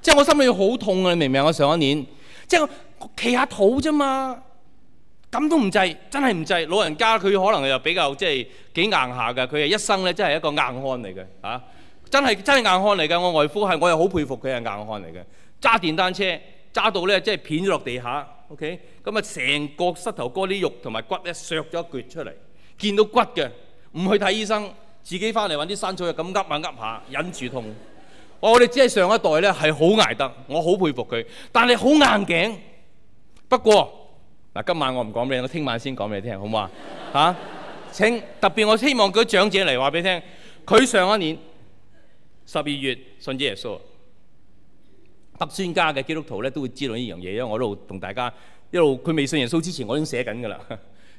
即係我心裏好痛啊！你明唔明？我上一年即係我企下肚啫嘛，咁都唔濟，真係唔濟。老人家佢可能又比較即係幾硬下㗎，佢一生咧真係一個硬漢嚟嘅嚇，真係真係硬漢嚟嘅。我外父係我又好佩服佢係硬漢嚟嘅，揸電單車揸到咧即係片咗落地下。OK，咁啊，成個膝頭哥啲肉同埋骨咧削咗一橛出嚟，見到骨嘅，唔去睇醫生，自己翻嚟揾啲山草藥咁噏下噏下，忍住痛。我哋只係上一代咧係好捱得，我好佩服佢，但係好硬頸。不過嗱，今晚我唔講俾你，我聽晚先講俾你聽，好唔好 啊？嚇！請特別我希望嗰啲長者嚟話俾你聽，佢上一年十二月信咗耶穌。得專家嘅基督徒咧都會知道呢樣嘢，因為我都路同大家一路佢未信耶穌之前，我已經寫緊㗎喇，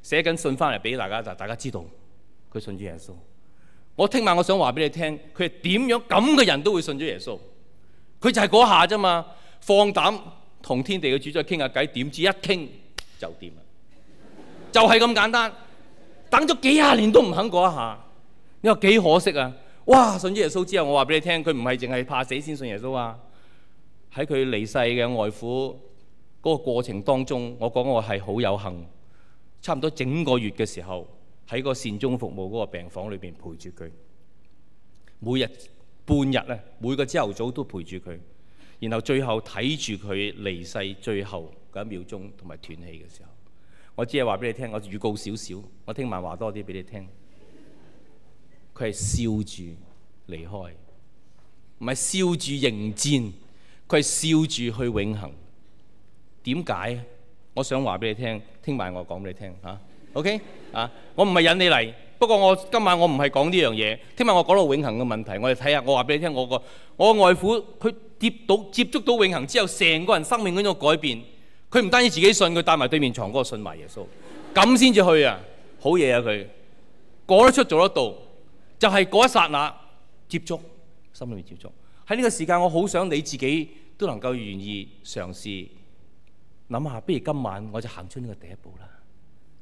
寫緊信翻嚟俾大家就大家知道佢信住耶穌。我聽晚我想話俾你聽，佢係點樣咁嘅人都會信咗耶穌？佢就係嗰下啫嘛，放膽同天地嘅主宰傾下偈，點知一傾就掂啦，就係咁 簡單。等咗幾廿年都唔肯嗰一下，你話幾可惜啊！哇，信咗耶穌之後，我話俾你聽，佢唔係淨係怕死先信耶穌啊！喺佢離世嘅外父嗰個過程當中，我講我係好有幸，差唔多整個月嘅時候喺個善終服務嗰個病房裏邊陪住佢，每日半日咧，每個朝頭早都陪住佢，然後最後睇住佢離世最後嗰一秒鐘同埋斷氣嘅時候，我只係話俾你聽，我預告少少，我聽埋話多啲俾你聽。佢係笑住離開，唔係笑住迎戰。佢係笑住去永恆，點解？我想話俾你聽，聽晚我講俾你聽嚇。OK 啊，我唔係引你嚟，不過我今晚我唔係講呢樣嘢。聽晚我講到永恆嘅問題，我哋睇下。我話俾你聽，我個我外父佢接到接觸到永恆之後，成個人生命嗰種改變，佢唔單止自己信，佢帶埋對面床嗰個信埋耶穌，咁先至去啊。好嘢啊！佢講得出，做得到，就係嗰一剎那接觸，心裏面接觸。喺呢個時間，我好想你自己都能夠願意嘗試，諗下，不如今晚我就行出呢個第一步啦，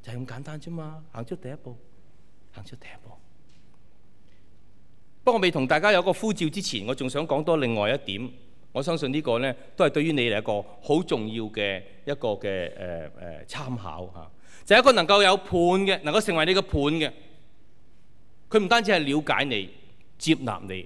就係、是、咁簡單啫嘛，行出第一步，行出第一步。 不過未同大家有個呼召之前，我仲想講多另外一點，我相信呢個呢，都係對於你嚟一個好重要嘅一個嘅誒誒參考嚇、啊，就係、是、一個能夠有伴嘅，能夠成為你個伴嘅，佢唔單止係了解你，接納你。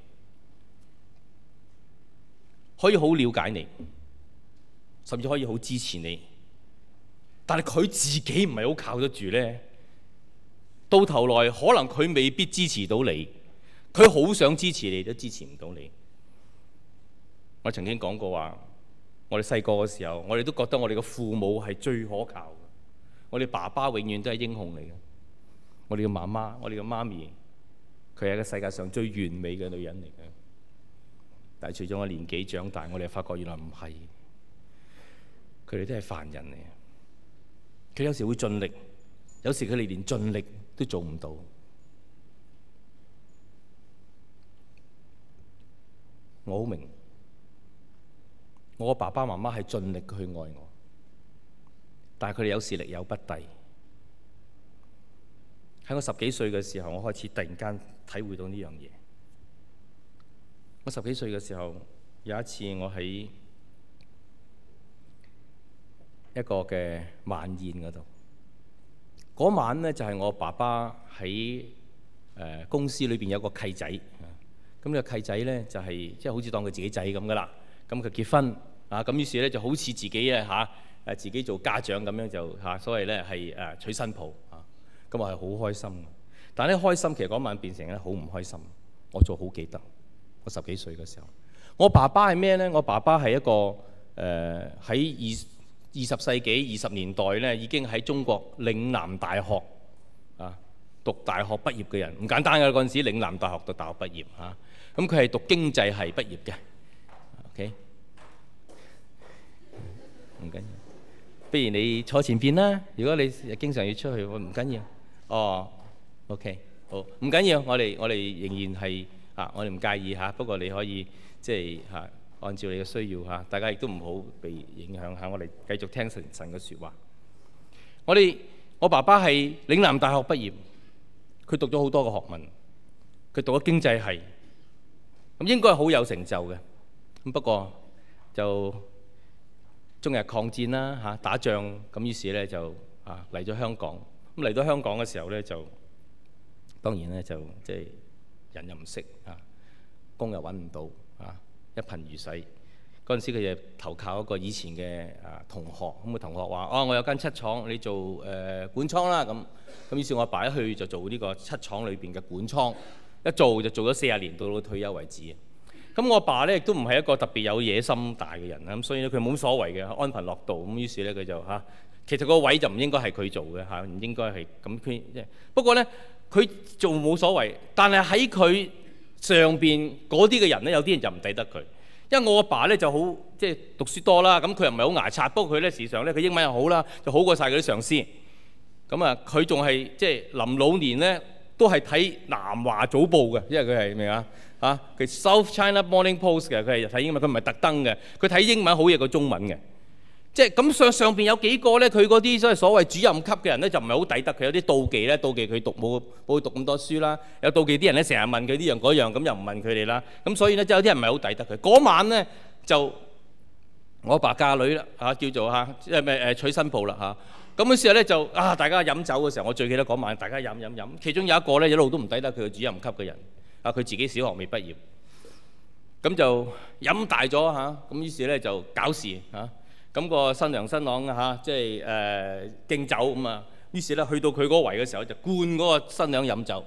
可以好了解你，甚至可以好支持你，但係佢自己唔係好靠得住咧。到頭來可能佢未必支持到你，佢好想支持你都支持唔到你。我曾經講過話，我哋細個嘅時候，我哋都覺得我哋嘅父母係最可靠嘅。我哋爸爸永遠都係英雄嚟嘅，我哋嘅媽媽，我哋嘅媽咪，佢係一個世界上最完美嘅女人嚟嘅但係，隨住我年紀長大，我哋又發覺原來唔係，佢哋都係凡人嚟。佢有時會盡力，有時佢哋連盡力都做唔到。我好明，我爸爸媽媽係盡力去愛我，但係佢哋有時力有不逮。喺我十幾歲嘅時候，我開始突然間體會到呢樣嘢。我十幾歲嘅時候，有一次我喺一個嘅晚宴嗰度，嗰晚咧就係、是、我爸爸喺誒、呃、公司裏邊有一個契仔，咁、那、呢個契仔咧就係即係好似當佢自己仔咁噶啦。咁佢結婚啊，咁於是咧就好似自己啊嚇誒、啊、自己做家長咁樣就嚇、啊，所謂咧係誒娶新抱啊，咁我係好開心。但係咧，開心，其實嗰晚變成咧好唔開心，我仲好記得。我十幾歲嘅時候，我爸爸係咩呢？我爸爸係一個誒喺、呃、二二十世紀二十年代咧，已經喺中國嶺南大學啊讀大學畢業嘅人，唔簡單㗎，嗰陣時嶺南大學讀大學畢業啊。咁佢係讀經濟系畢業嘅。OK，唔緊要，不如你坐前邊啦。如果你經常要出去，我唔緊要。哦、oh，OK，好，唔緊要，我哋我哋仍然係。啊！我哋唔介意嚇、啊，不過你可以即係嚇按照你嘅需要嚇、啊，大家亦都唔好被影響嚇、啊。我哋繼續聽神神嘅説話。我哋我爸爸係嶺南大學畢業，佢讀咗好多嘅學問，佢讀咗經濟系，咁應該好有成就嘅。咁不過就中日抗戰啦嚇、啊，打仗，咁於是咧就啊嚟咗香港。咁嚟到香港嘅時候咧就當然咧就即係。即係人又唔識啊，工又揾唔到啊，一貧如洗。嗰陣時佢就投靠一個以前嘅啊同學，咁個同學話：哦，我有間七廠，你做誒、呃、管倉啦。咁咁於是，我阿爸一去就做呢個七廠裏邊嘅管倉，一做就做咗四十年，到到退休為止。咁我阿爸呢，亦都唔係一個特別有野心大嘅人啦，咁所以呢，佢冇所謂嘅，安貧樂道。咁於是呢，佢就嚇，其實個位就唔應該係佢做嘅嚇，唔應該係咁。佢不過呢。佢做冇所謂，但係喺佢上邊嗰啲嘅人咧，有啲人就唔抵得佢，因為我阿爸咧就好即係讀書多啦，咁佢又唔係好牙刷，不過佢咧時常咧佢英文又好啦，就好過晒佢啲上司。咁啊，佢仲係即係臨老年咧都係睇《南華早報》嘅，因為佢係咩啊啊，佢 South China Morning Post 嘅，佢係睇英文，佢唔係特登嘅，佢睇英文好嘢過中文嘅。即係咁上上邊有幾個咧？佢嗰啲即係所謂主任級嘅人咧，就唔係好抵得佢，有啲妒忌咧，妒忌佢讀冇冇讀咁多書啦，有妒忌啲人咧成日問佢呢樣嗰樣，咁又唔問佢哋啦。咁所以咧，即係有啲人唔係好抵得佢。嗰晚咧就我阿爸嫁女啦嚇，叫做嚇即係咩誒娶新抱啦嚇。咁嗰時候咧就啊，大家飲酒嘅時候，我最記得嗰晚大家飲飲飲，其中有一個咧一路都唔抵得佢嘅主任級嘅人啊，佢自己小學未畢業，咁就飲大咗嚇，咁於是咧就搞事嚇。咁、那個新娘新郎嘅、啊、即係誒、呃、敬酒咁啊。於是咧，去到佢嗰圍嘅時候，就灌嗰個新娘飲酒。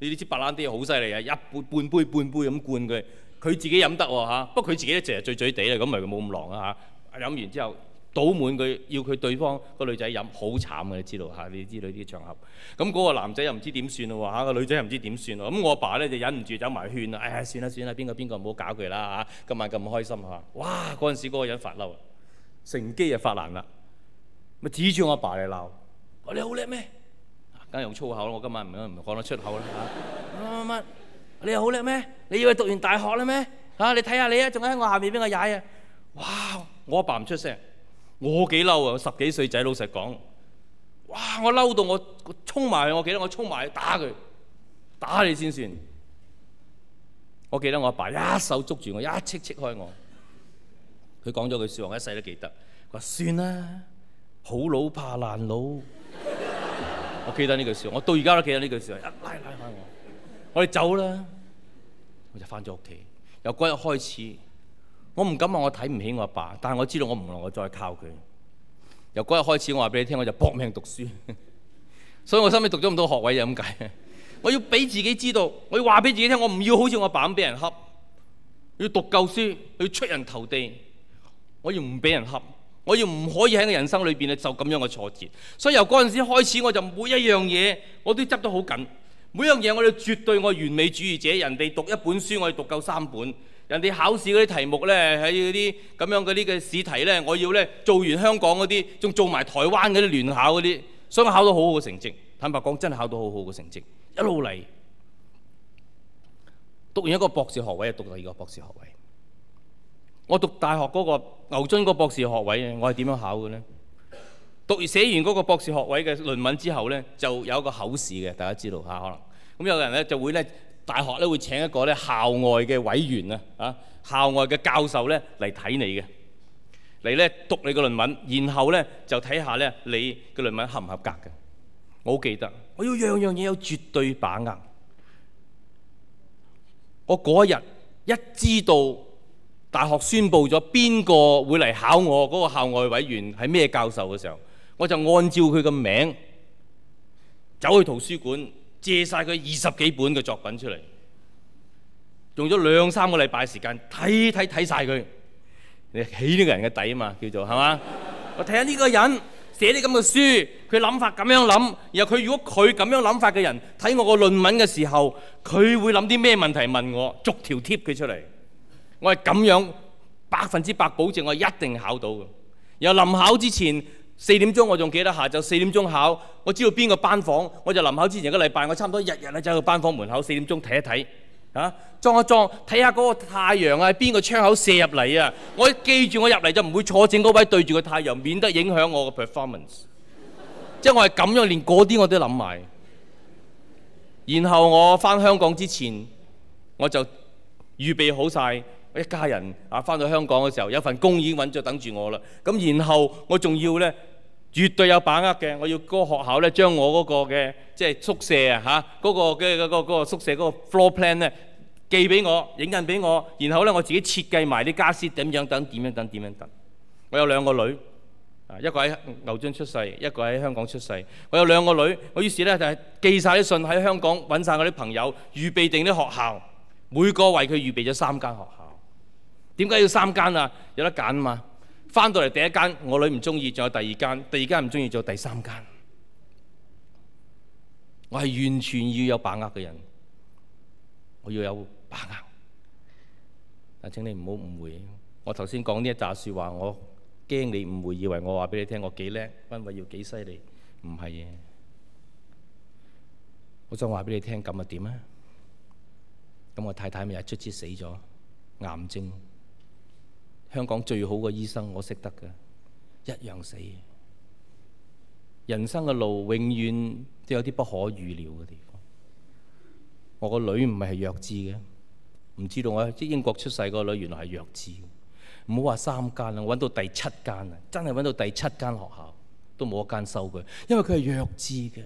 你知白蘭地好犀利啊，一杯半杯半杯咁灌佢。佢自己飲得喎、啊、不過佢自己咧淨係醉醉地啊，咁咪冇咁狼啊。吓，飲完之後倒滿佢，要佢對方個女仔飲，好慘你知道嚇、啊。你知呢啲、啊、場合。咁、那、嗰個男仔又唔知點算喎嚇，個、啊、女仔又唔知點算喎。咁、啊、我阿爸咧就忍唔住走埋嚟勸哎呀，算啦算啦，邊個邊個唔好搞佢啦吓，今晚咁開心嚇、啊，哇！嗰陣時嗰個人發嬲。乘機就發難啦，咪指住我阿爸嚟鬧，我你好叻咩？梗係用粗口囉，我今晚唔唔講得出口啦嚇。乜 乜你又好叻咩？你以為讀完大學啦咩？嚇，你睇下你啊，仲喺我下面邊個踩啊！哇！我阿爸唔出聲，我幾嬲啊！我十幾歲仔老實講，哇！我嬲到我衝埋去，我記得我衝埋去打佢，打你先算。我記得我阿爸一手捉住我，一戚戚開我。佢講咗句説話，我一世都記得。佢話算啦，好老怕爛佬。 我記得呢句説話，我到而家都記得呢句説話。拉下我，我哋走啦。我就翻咗屋企，由嗰日開始，我唔敢話我睇唔起我阿爸，但係我知道我唔能夠再靠佢。由嗰日開始，我話俾你聽，我就搏命讀書， 所以我後尾讀咗咁多學位又點解？我要俾自己知道，我要話俾自己聽，我唔要好似我阿爸咁俾人恰。我要讀夠書，我要出人頭地。我要唔俾人恰，我要唔可以喺個人生裏邊咧受咁樣嘅挫折，所以由嗰陣時開始，我就每一樣嘢我都執得好緊，每樣嘢我哋絕對我完美主義者，人哋讀一本書，我要讀夠三本，人哋考試嗰啲題目呢，喺嗰啲咁樣嗰啲嘅試題呢，我要呢做完香港嗰啲，仲做埋台灣嗰啲聯考嗰啲，所以我考到好好嘅成績。坦白講，真係考到好好嘅成績，一路嚟讀完一個博士學位，讀第二個博士學位。我讀大學嗰個牛津個博士學位我係點樣考嘅呢？讀完寫完嗰個博士學位嘅論文之後呢，就有一個口試嘅，大家知道嚇，可能。咁有人呢就會呢，大學呢會請一個呢校外嘅委員啊，啊校外嘅教授呢嚟睇你嘅，嚟呢讀你個論文，然後呢就睇下呢你嘅論文合唔合格嘅。我好記得，我要樣樣嘢有絕對把握。我嗰日一知道。大學宣布咗邊個會嚟考我嗰個校外委員係咩教授嘅時候，我就按照佢個名走去圖書館借晒佢二十幾本嘅作品出嚟，用咗兩三個禮拜時間睇睇睇晒佢。你起呢個人嘅底嘛，叫做係嘛？是 我睇下呢個人寫啲咁嘅書，佢諗法咁樣諗，然後佢如果佢咁樣諗法嘅人睇我個論文嘅時候，佢會諗啲咩問題問我？逐條貼佢出嚟。我係咁樣百分之百保證，我一定考到嘅。然後臨考之前四點鐘，我仲記得下晝四點鐘考，我知道邊個班房，我就臨考之前一個禮拜，我差唔多日日啊走去班房門口四點鐘睇一睇嚇，啊，裝一裝，睇下嗰個太陽啊，邊個窗口射入嚟啊，我記住我入嚟就唔會坐正嗰位對住個太陽，免得影響我嘅 performance。即係 我係咁樣，連嗰啲我都諗埋。然後我翻香港之前，我就預備好晒。我一家人啊，翻到香港嘅時候，有份工已經揾咗等住我啦。咁然後我仲要呢，絕對有把握嘅。我要嗰個學校呢，將我嗰個嘅即係宿舍啊，嚇、嗰、嗰個嘅嘅、嗰個嗰個嗰個宿舍嗰、嗰個 floor plan 呢，寄俾我，影印俾我。然後呢，我自己設計埋啲傢俬點樣等點樣等點樣等。我有兩個女啊，一個喺牛津出世，一個喺香港出世。我有兩個女，我於是呢，就係寄晒啲信喺香港揾晒我啲朋友，預備定啲學校，每個為佢預備咗三間學校。點解要三間啊？有得揀啊嘛！翻到嚟第一間我女唔中意，仲有第二間，第二間唔中意，仲有第三間。我係完全要有把握嘅人，我要有把握。但請你唔好誤會，我頭先講呢一紮説話，我驚你誤會以為我話俾你聽我幾叻，温偉耀要幾犀利，唔係嘅。我想話俾你聽，咁又點啊？咁我太太咪又卒之死咗，癌症。香港最好嘅醫生我的，我識得嘅，一樣死嘅。人生嘅路永遠都有啲不可預料嘅地方。我個女唔係係弱智嘅，唔知道我即英國出世個女原來係弱智。唔好話三間啦，我揾到第七間啦，真係揾到第七間學校都冇一間收佢，因為佢係弱智嘅。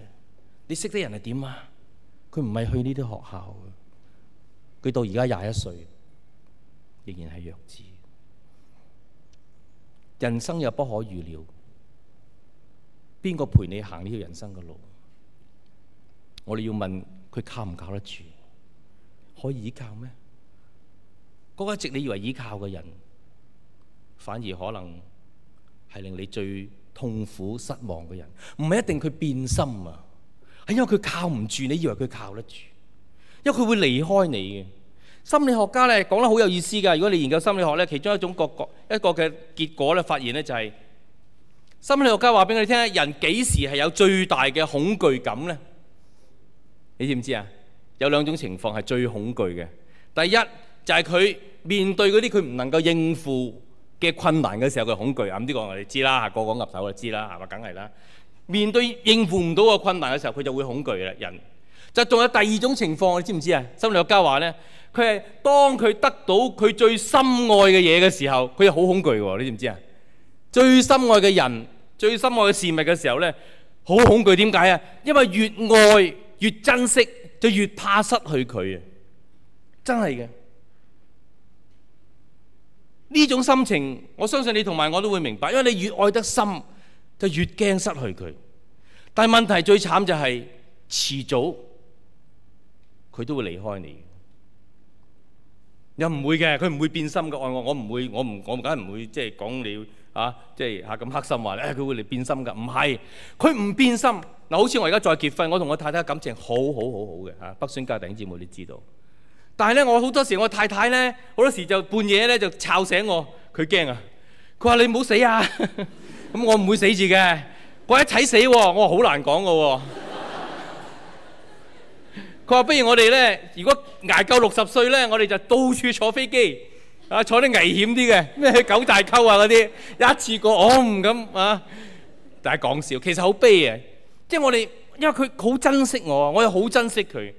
你識得人係點啊？佢唔係去呢啲學校，佢到而家廿一歲仍然係弱智。人生又不可預料，邊個陪你行呢條人生嘅路？我哋要問佢靠唔靠得住，可以依靠咩？嗰個一直你以為依靠嘅人，反而可能係令你最痛苦失望嘅人。唔係一定佢變心啊，係因為佢靠唔住，你以為佢靠得住，因為佢會離開你嘅。心理學家咧講得好有意思㗎。如果你研究心理學咧，其中一種各各一個嘅結果咧，發現咧就係、是、心理學家話俾你哋聽，人幾時係有最大嘅恐懼感呢？你知唔知啊？有兩種情況係最恐懼嘅。第一就係、是、佢面對嗰啲佢唔能夠應付嘅困難嘅時候，佢恐懼啊！呢、這個我哋知啦，個個岌頭就知啦，係嘛，梗係啦。面對應付唔到嘅困難嘅時候，佢就會恐懼嘅。人就仲有第二種情況，你知唔知啊？心理學家話呢。佢係當佢得到佢最深愛嘅嘢嘅時候，佢又好恐懼喎。你知唔知啊？最深愛嘅人、最深愛嘅事物嘅時候呢，好恐懼。點解啊？因為越愛越珍惜，就越怕失去佢啊！真係嘅，呢種心情，我相信你同埋我都會明白，因為你越愛得深，就越驚失去佢。但係問題最慘就係，遲早佢都會離開你。又唔會嘅，佢唔會變心嘅愛我，我唔會，我唔，我梗係唔會即係講你啊，即係嚇咁黑心話咧，佢、啊、會嚟變心㗎，唔係，佢唔變心嗱。好似我而家再結婚，我同我太太感情好好好好嘅嚇，北宣家頂尖姊妹你知道。但係咧，我好多時我太太咧好多時就半夜咧就吵醒我，佢驚啊，佢話你唔好死啊，咁 我唔會死住嘅，我一齊死喎、啊，我話好難講嘅喎。話不如我哋呢，如果捱夠六十歲呢，我哋就到處坐飛機啊，坐啲危險啲嘅咩去九寨溝啊嗰啲一次過哦咁啊，大家講笑，其實好悲嘅，即係我哋因為佢好珍惜我，我又好珍惜佢，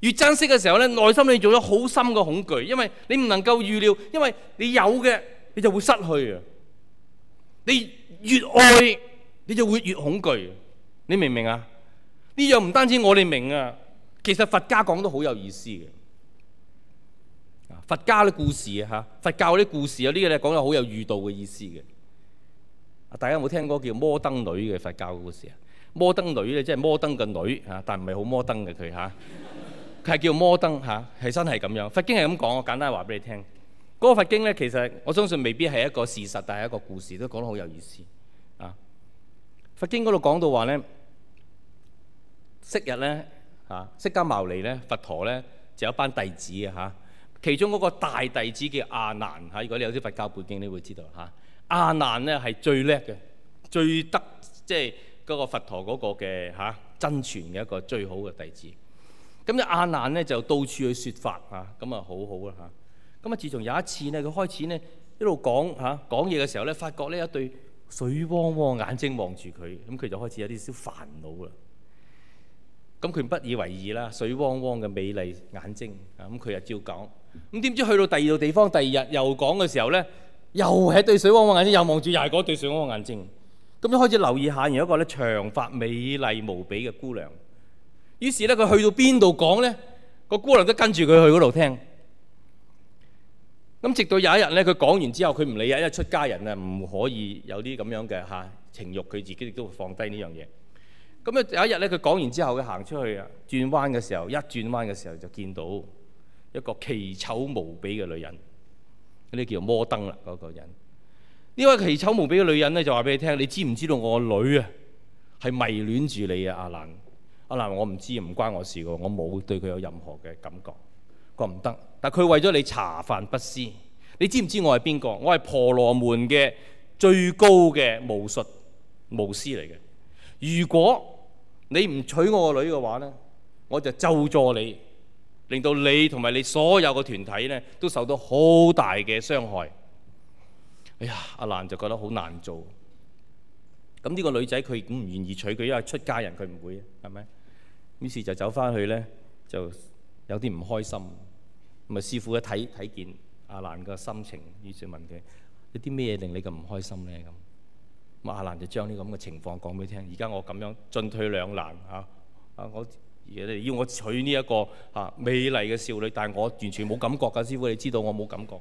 越珍惜嘅時候呢，內心你做咗好深嘅恐懼，因為你唔能夠預料，因為你有嘅你就會失去啊。你越愛你就會越恐懼，你明唔明啊？呢樣唔單止我哋明啊。其實佛家講都好有意思嘅，啊，佛家啲故事嚇，佛教啲故事有啲嘢講嘅好有禦道嘅意思嘅。啊，大家有冇聽過叫摩登女嘅佛教故事啊？摩登女咧，即係摩登嘅女嚇，但唔係好摩登嘅佢嚇，佢係叫摩登嚇，係真係咁樣。佛經係咁講，我簡單話俾你聽。嗰個佛經咧，其實我相信未必係一個事實，但係一個故事都講得好有意思。啊，佛經嗰度講到話咧，昔日咧。啊，釋迦牟尼咧，佛陀咧就有班弟子嘅嚇、啊，其中嗰個大弟子叫阿難，嚇、啊、如果你有啲佛教背景，你會知道嚇。阿難咧係最叻嘅，最得即係嗰個佛陀嗰個嘅嚇、啊、真傳嘅一個最好嘅弟子。咁咧阿難咧就到處去説法嚇，咁啊就好好啦嚇。咁啊自從有一次咧，佢開始咧一路講嚇講嘢嘅時候咧，發覺呢一對水汪汪眼睛望住佢，咁佢就開始有啲少煩惱啦。咁佢唔不以為意啦，水汪汪嘅美麗眼睛啊！咁佢又照講。咁點知去到第二度地方，第二日又講嘅時候呢，又係對水汪汪眼睛，又望住，又係嗰對水汪汪眼睛。咁就開始留意下，然後一個咧長髮美麗無比嘅姑娘。於是呢，佢去到邊度講呢？個姑娘都跟住佢去嗰度聽。咁直到有一日呢，佢講完之後，佢唔理啊，因為出家人啊，唔可以有啲咁樣嘅嚇情慾，佢自己亦都會放低呢樣嘢。咁啊！有一日咧，佢講完之後，佢行出去啊，轉彎嘅時候，一轉彎嘅時候就見到一個奇醜無比嘅女人，呢啲叫做摩登啦，嗰個人。呢位奇醜無比嘅女人咧，就話俾你聽：，你知唔知道我個女啊，係迷戀住你啊？阿蘭，阿蘭，我唔知，唔關我事嘅，我冇對佢有任何嘅感覺，講唔得。但佢為咗你茶飯不思，你知唔知我係邊個？我係婆羅門嘅最高嘅巫術巫師嚟嘅。如果你唔娶我個女嘅話呢，我就咒詛你，令到你同埋你所有嘅團體呢都受到好大嘅傷害。哎呀，阿蘭就覺得好難做。咁呢個女仔佢唔願意娶佢，佢因為出家人佢唔會，係咪？於是就走翻去呢，就有啲唔開心。咁啊，師傅一睇睇見阿蘭嘅心情，於是問佢：「有啲咩令你咁唔開心呢？」咁。阿蘭就將呢咁嘅情況講俾你聽，而家我咁樣進退兩難嚇。啊，我而家你要我娶呢一個嚇美麗嘅少女，但係我完全冇感覺㗎，師傅你知道我冇感覺。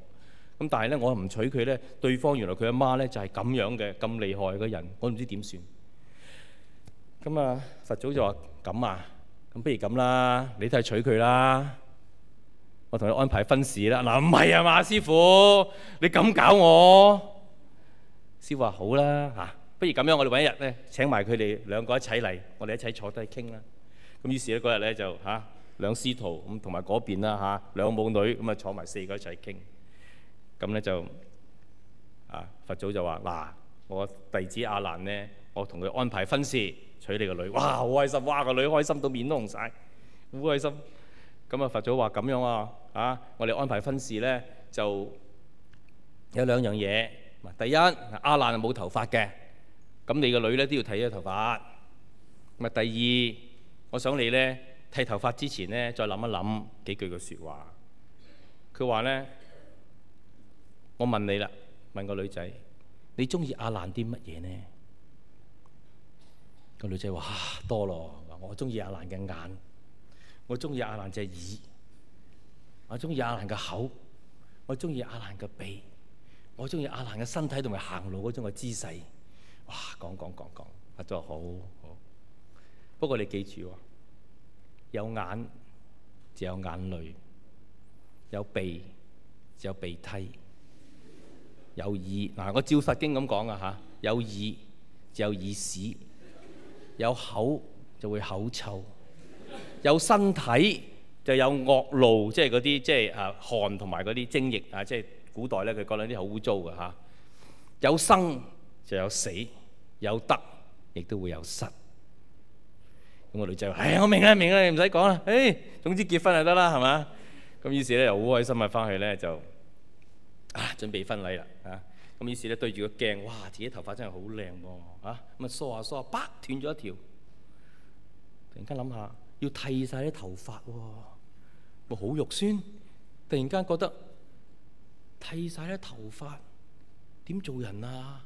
咁但係咧，我又唔娶佢咧，對方原來佢阿媽咧就係咁樣嘅咁厲害嘅人，我唔知點算。咁啊，佛祖就話咁啊，咁不如咁啦，你都係娶佢啦，我同你安排婚事啦。嗱，唔係啊，馬師傅，你咁搞我。師傅話好啦嚇。不如咁樣，我哋揾一日咧，請埋佢哋兩個一齊嚟，我哋一齊坐低傾啦。咁於是咧，嗰日咧就嚇兩師徒咁，同埋嗰邊啦嚇兩個母女，咁啊坐埋四個一齊傾。咁咧就啊佛祖就話嗱，我弟子阿難咧，我同佢安排婚事娶你個女。哇，好開心，哇，個女開心到面都紅晒，好開心。咁啊佛祖話咁樣啊啊，我哋安排婚事咧就有兩樣嘢。第一，阿難係冇頭髮嘅。咁你個女咧都要剃咗頭髮。咁啊，第二，我想你咧剃頭髮之前咧，再諗一諗幾句嘅説話。佢話咧，我問你啦，問個女仔，你中意阿蘭啲乜嘢呢？個女仔話、啊：多咯，我中意阿蘭嘅眼，我中意阿蘭隻耳，我中意阿蘭嘅口，我中意阿蘭嘅鼻，我中意阿蘭嘅身體同埋行路嗰種嘅姿勢。哇，講講講講，啊都好，好。不過你記住喎，有眼就有眼淚，有鼻就有鼻涕，有耳，嗱我照佛經咁講啊嚇，有耳就有耳屎，有口就會口臭，有身體就有惡露，即係嗰啲即係啊汗同埋嗰啲精液啊，即係古代咧佢覺得啲好污糟嘅嚇，有生。就有死有得，亦都會有失。咁、那個女仔話：，唉、哎，我明啦，明你唔使講啦。誒、哎，總之結婚就得啦，係嘛？咁於是咧又好開心去啊，翻去咧就啊準備婚禮啦啊！咁於是咧對住個鏡，哇，自己頭髮真係好靚喎咁啊，啊梳下梳下，啪斷咗一條。突然間諗下，要剃晒啲頭髮喎、哦，我好肉酸。突然間覺得剃晒啲頭髮點做人啊？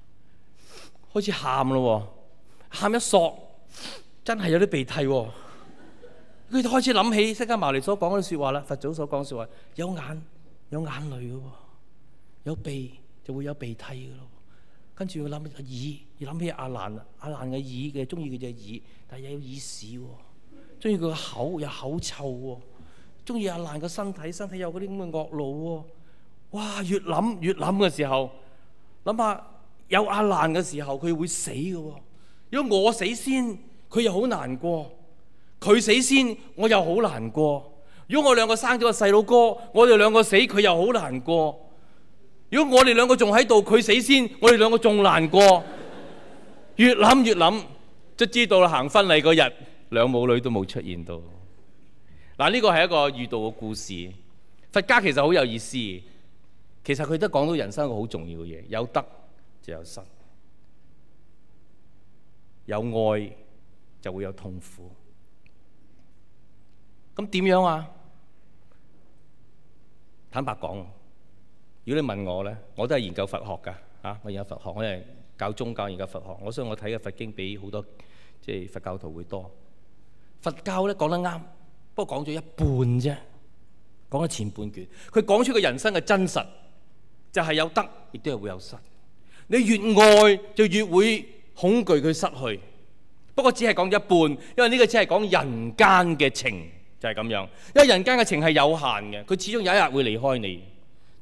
開始喊咯喎，喊一索，真係有啲鼻涕喎。佢 開始諗起釋迦牟尼所講嘅啲説話啦，佛祖所講嘅說話，有眼有眼淚嘅喎，有鼻就會有鼻涕嘅咯。跟住佢諗起個耳，又諗起阿蘭，阿蘭嘅耳嘅鍾意佢隻耳，但係有耳屎喎。鍾意佢個口有口臭喎。鍾意阿蘭嘅身體，身體有嗰啲咁嘅惡露喎。哇！越諗越諗嘅時候，諗下。有阿難嘅時候，佢會死嘅、哦。如果我死先，佢又好難過；佢死先，我又好難過。如果我兩個生咗個細佬哥，我哋兩個死，佢又好難過。如果我哋兩個仲喺度，佢死先，我哋兩個仲難過。 越諗越諗，就知道行婚禮嗰日，兩母女都冇出現到。嗱，呢個係一個遇到嘅故事。佛家其實好有意思，其實佢都講到人生一個好重要嘅嘢，有德。就有失，有愛就會有痛苦。咁點樣啊？坦白講，如果你問我咧，我都係研究佛學噶嚇。我研究佛學，我係教宗教研究佛學。我相信我睇嘅佛經比好多即係佛教徒會多。佛教咧，講得啱，不過講咗一半啫，講咗前半段。佢講出個人生嘅真實，就係有得，亦都係會有失。你越愛就越會恐懼佢失去，不過只係講一半，因為呢個只係講人間嘅情就係咁樣，因為人間嘅情係有限嘅，佢始終有一日會離開你。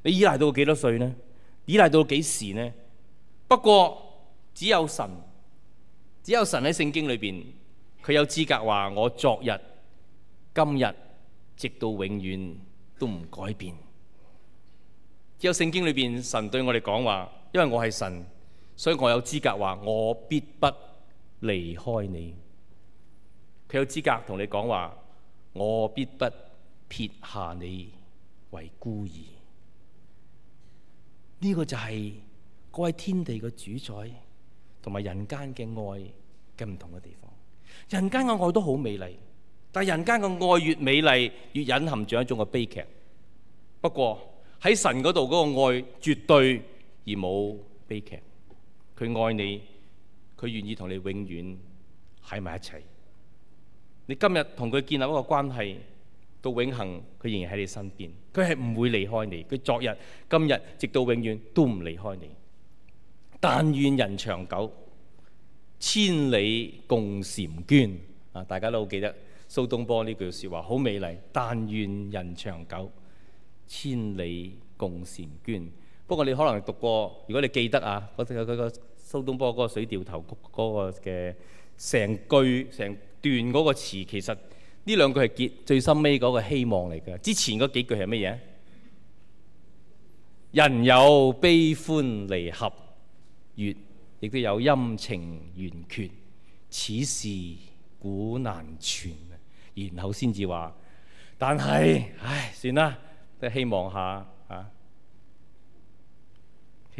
你依賴到幾多歲呢？依賴到幾時呢？不過只有神，只有神喺聖經裏邊，佢有資格話我昨日、今日，直到永遠都唔改變。只有聖經裏邊，神對我哋講話。因為我係神，所以我有資格話我必不離開你。佢有資格同你講話，我必不撇下你為孤兒。呢、這個就係、是、嗰位天地嘅主宰同埋人間嘅愛嘅唔同嘅地方。人間嘅愛都好美麗，但人間嘅愛越美麗，越隱含住一種嘅悲劇。不過喺神嗰度，嗰個愛絕對。而冇悲劇，佢愛你，佢願意同你永遠喺埋一齊。你今日同佢建立一個關係到永恆，佢仍然喺你身邊，佢係唔會離開你。佢昨日、今日，直到永遠都唔離開你。但願人長久，千里共嬋娟。啊，大家都好記得蘇東坡呢句説話，好美麗。但願人長久，千里共嬋娟。不過你可能讀過，如果你記得啊，嗰個嗰個蘇東坡嗰個水調頭曲嗰個嘅成句成段嗰個詞，其實呢兩句係結最深屘嗰個希望嚟嘅。之前嗰幾句係乜嘢？人有悲歡離合，月亦都有陰晴圓缺，此事古難全。然後先至話，但係唉，算啦，都希望下啊。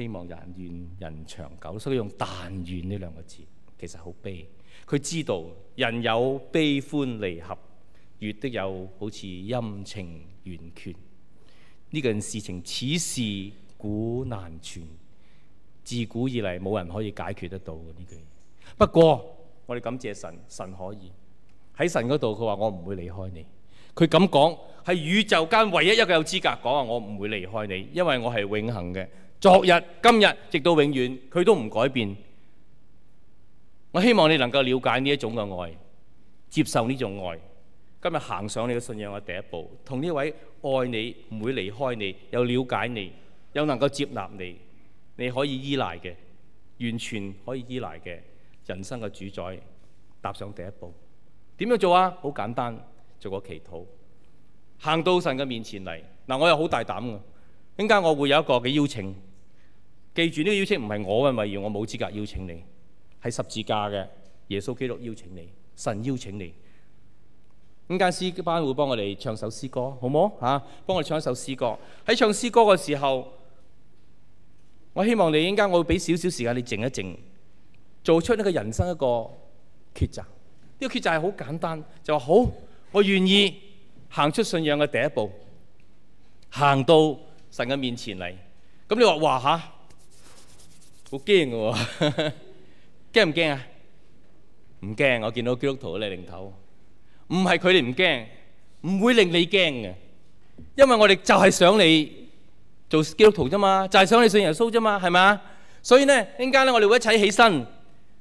希望人願人長久，所以用但願呢兩個字，其實好悲。佢知道人有悲歡離合，月都有好似陰晴圓缺。呢件事情，此事古難全，自古以來冇人可以解決得到呢句。不過我哋感謝神，神可以喺神嗰度。佢話我唔會離開你。佢咁講係宇宙間唯一一個有資格講話，我唔會離開你，因為我係永恒嘅。昨日、今日，直到永遠，佢都唔改變。我希望你能夠了解呢一種嘅愛，接受呢種愛。今日行上你嘅信仰嘅第一步，同呢位愛你、唔會離開你、又了解你、又能夠接納你、你可以依賴嘅、完全可以依賴嘅人生嘅主宰，踏上第一步。點樣做啊？好簡單，做個祈禱，行到神嘅面前嚟。嗱，我有好大膽㗎。點解我會有一個嘅邀請？記住呢個邀請唔係我嘅，咪如，我冇資格邀請你，係十字架嘅耶穌基督邀請你，神邀請你。咁間詩班會幫我哋唱首詩歌，好唔好吓，啊？幫我唱一首詩歌。喺唱詩歌嘅時候，我希望你依家我會俾少少時間你靜一靜，做出呢個人生一個抉擇。呢個抉擇係好簡單，就話好，我願意行出信仰嘅第一步，行到神嘅面前嚟。咁你話哇吓？好驚嘅喎，驚唔驚啊？唔驚，我見到基督徒你領頭，唔係佢哋唔驚，唔會令你驚嘅，因為我哋就係想你做基督徒啫嘛，就係想你信耶穌啫嘛，係嘛？所以咧，陣間咧，我哋會一齊起身。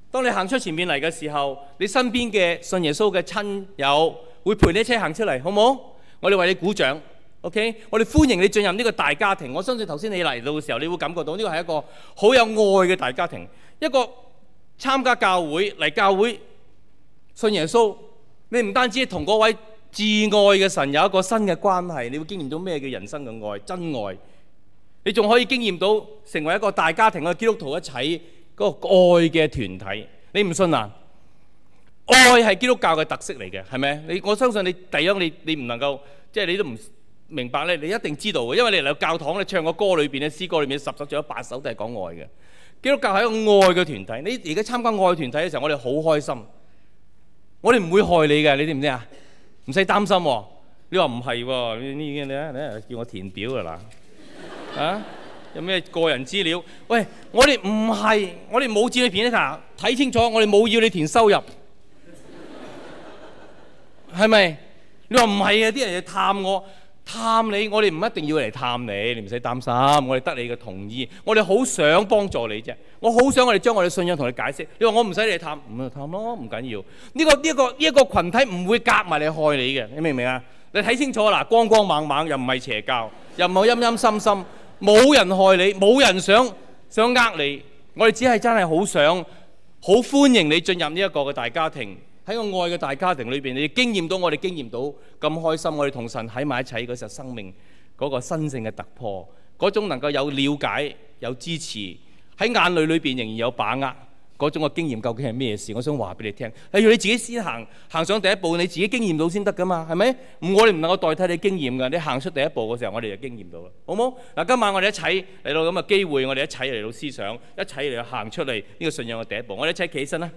當你行出前面嚟嘅時候，你身邊嘅信耶穌嘅親友會陪你一齊行出嚟，好唔好？我哋為你鼓掌。OK，我哋歡迎你進入呢個大家庭。我相信頭先你嚟到嘅時候，你會感覺到呢個係一個好有愛嘅大家庭。一個參加教會嚟教會信耶穌，你唔單止同嗰位至愛嘅神有一個新嘅關係，你會經驗到咩叫人生嘅愛、真愛。你仲可以經驗到成為一個大家庭嘅基督徒一齊嗰個愛嘅團體。你唔信啊？愛係基督教嘅特色嚟嘅，係咪？你我相信你第一，你你唔能夠即係你都唔。明白咧？你一定知道嘅，因為你嚟到教堂咧，唱個歌裏邊咧，詩歌裏邊十首仲有八首都係講愛嘅。基督教係一個愛嘅團體。你而家參加愛嘅團體嘅時候，我哋好開心。我哋唔會害你嘅，你知唔知啊？唔使擔心。你話唔係喎？你你你啊！叫我填表㗎啦。啊？有咩個人資料？喂，我哋唔係，我哋冇紙你填。睇清楚，我哋冇要你填收入。係咪？你話唔係啊？啲人嚟探我。探你，我哋唔一定要嚟探你，你唔使擔心。我哋得你嘅同意，我哋好想幫助你啫。我好想我哋將我哋信仰同你解釋。你話我唔使你探，唔去探咯，唔緊要。呢個呢一個呢一個羣體唔會夾埋你害你嘅，你明唔明啊？你睇清楚啦，光光猛猛又唔係邪教，又唔係陰陰深深，冇人害你，冇人想想呃你。我哋只係真係好想，好歡迎你進入呢一個嘅大家庭，喺個愛嘅大家庭裏邊，你哋經驗到我哋經驗到咁開心，我哋同神喺埋一齊嗰時候生命嗰個新性嘅突破，嗰種能夠有了解、有支持，喺眼淚裏邊仍然有把握嗰種嘅經驗究竟係咩事？我想話俾你聽，係要你自己先行行上第一步，你自己經驗到先得噶嘛，係咪？我哋唔能夠代替你經驗噶，你行出第一步嘅時候，我哋就經驗到啦，好冇？嗱，今晚我哋一齊嚟到咁嘅機會，我哋一齊嚟到思想，一齊嚟到行出嚟呢個信仰嘅第一步，我哋一齊企起身啦！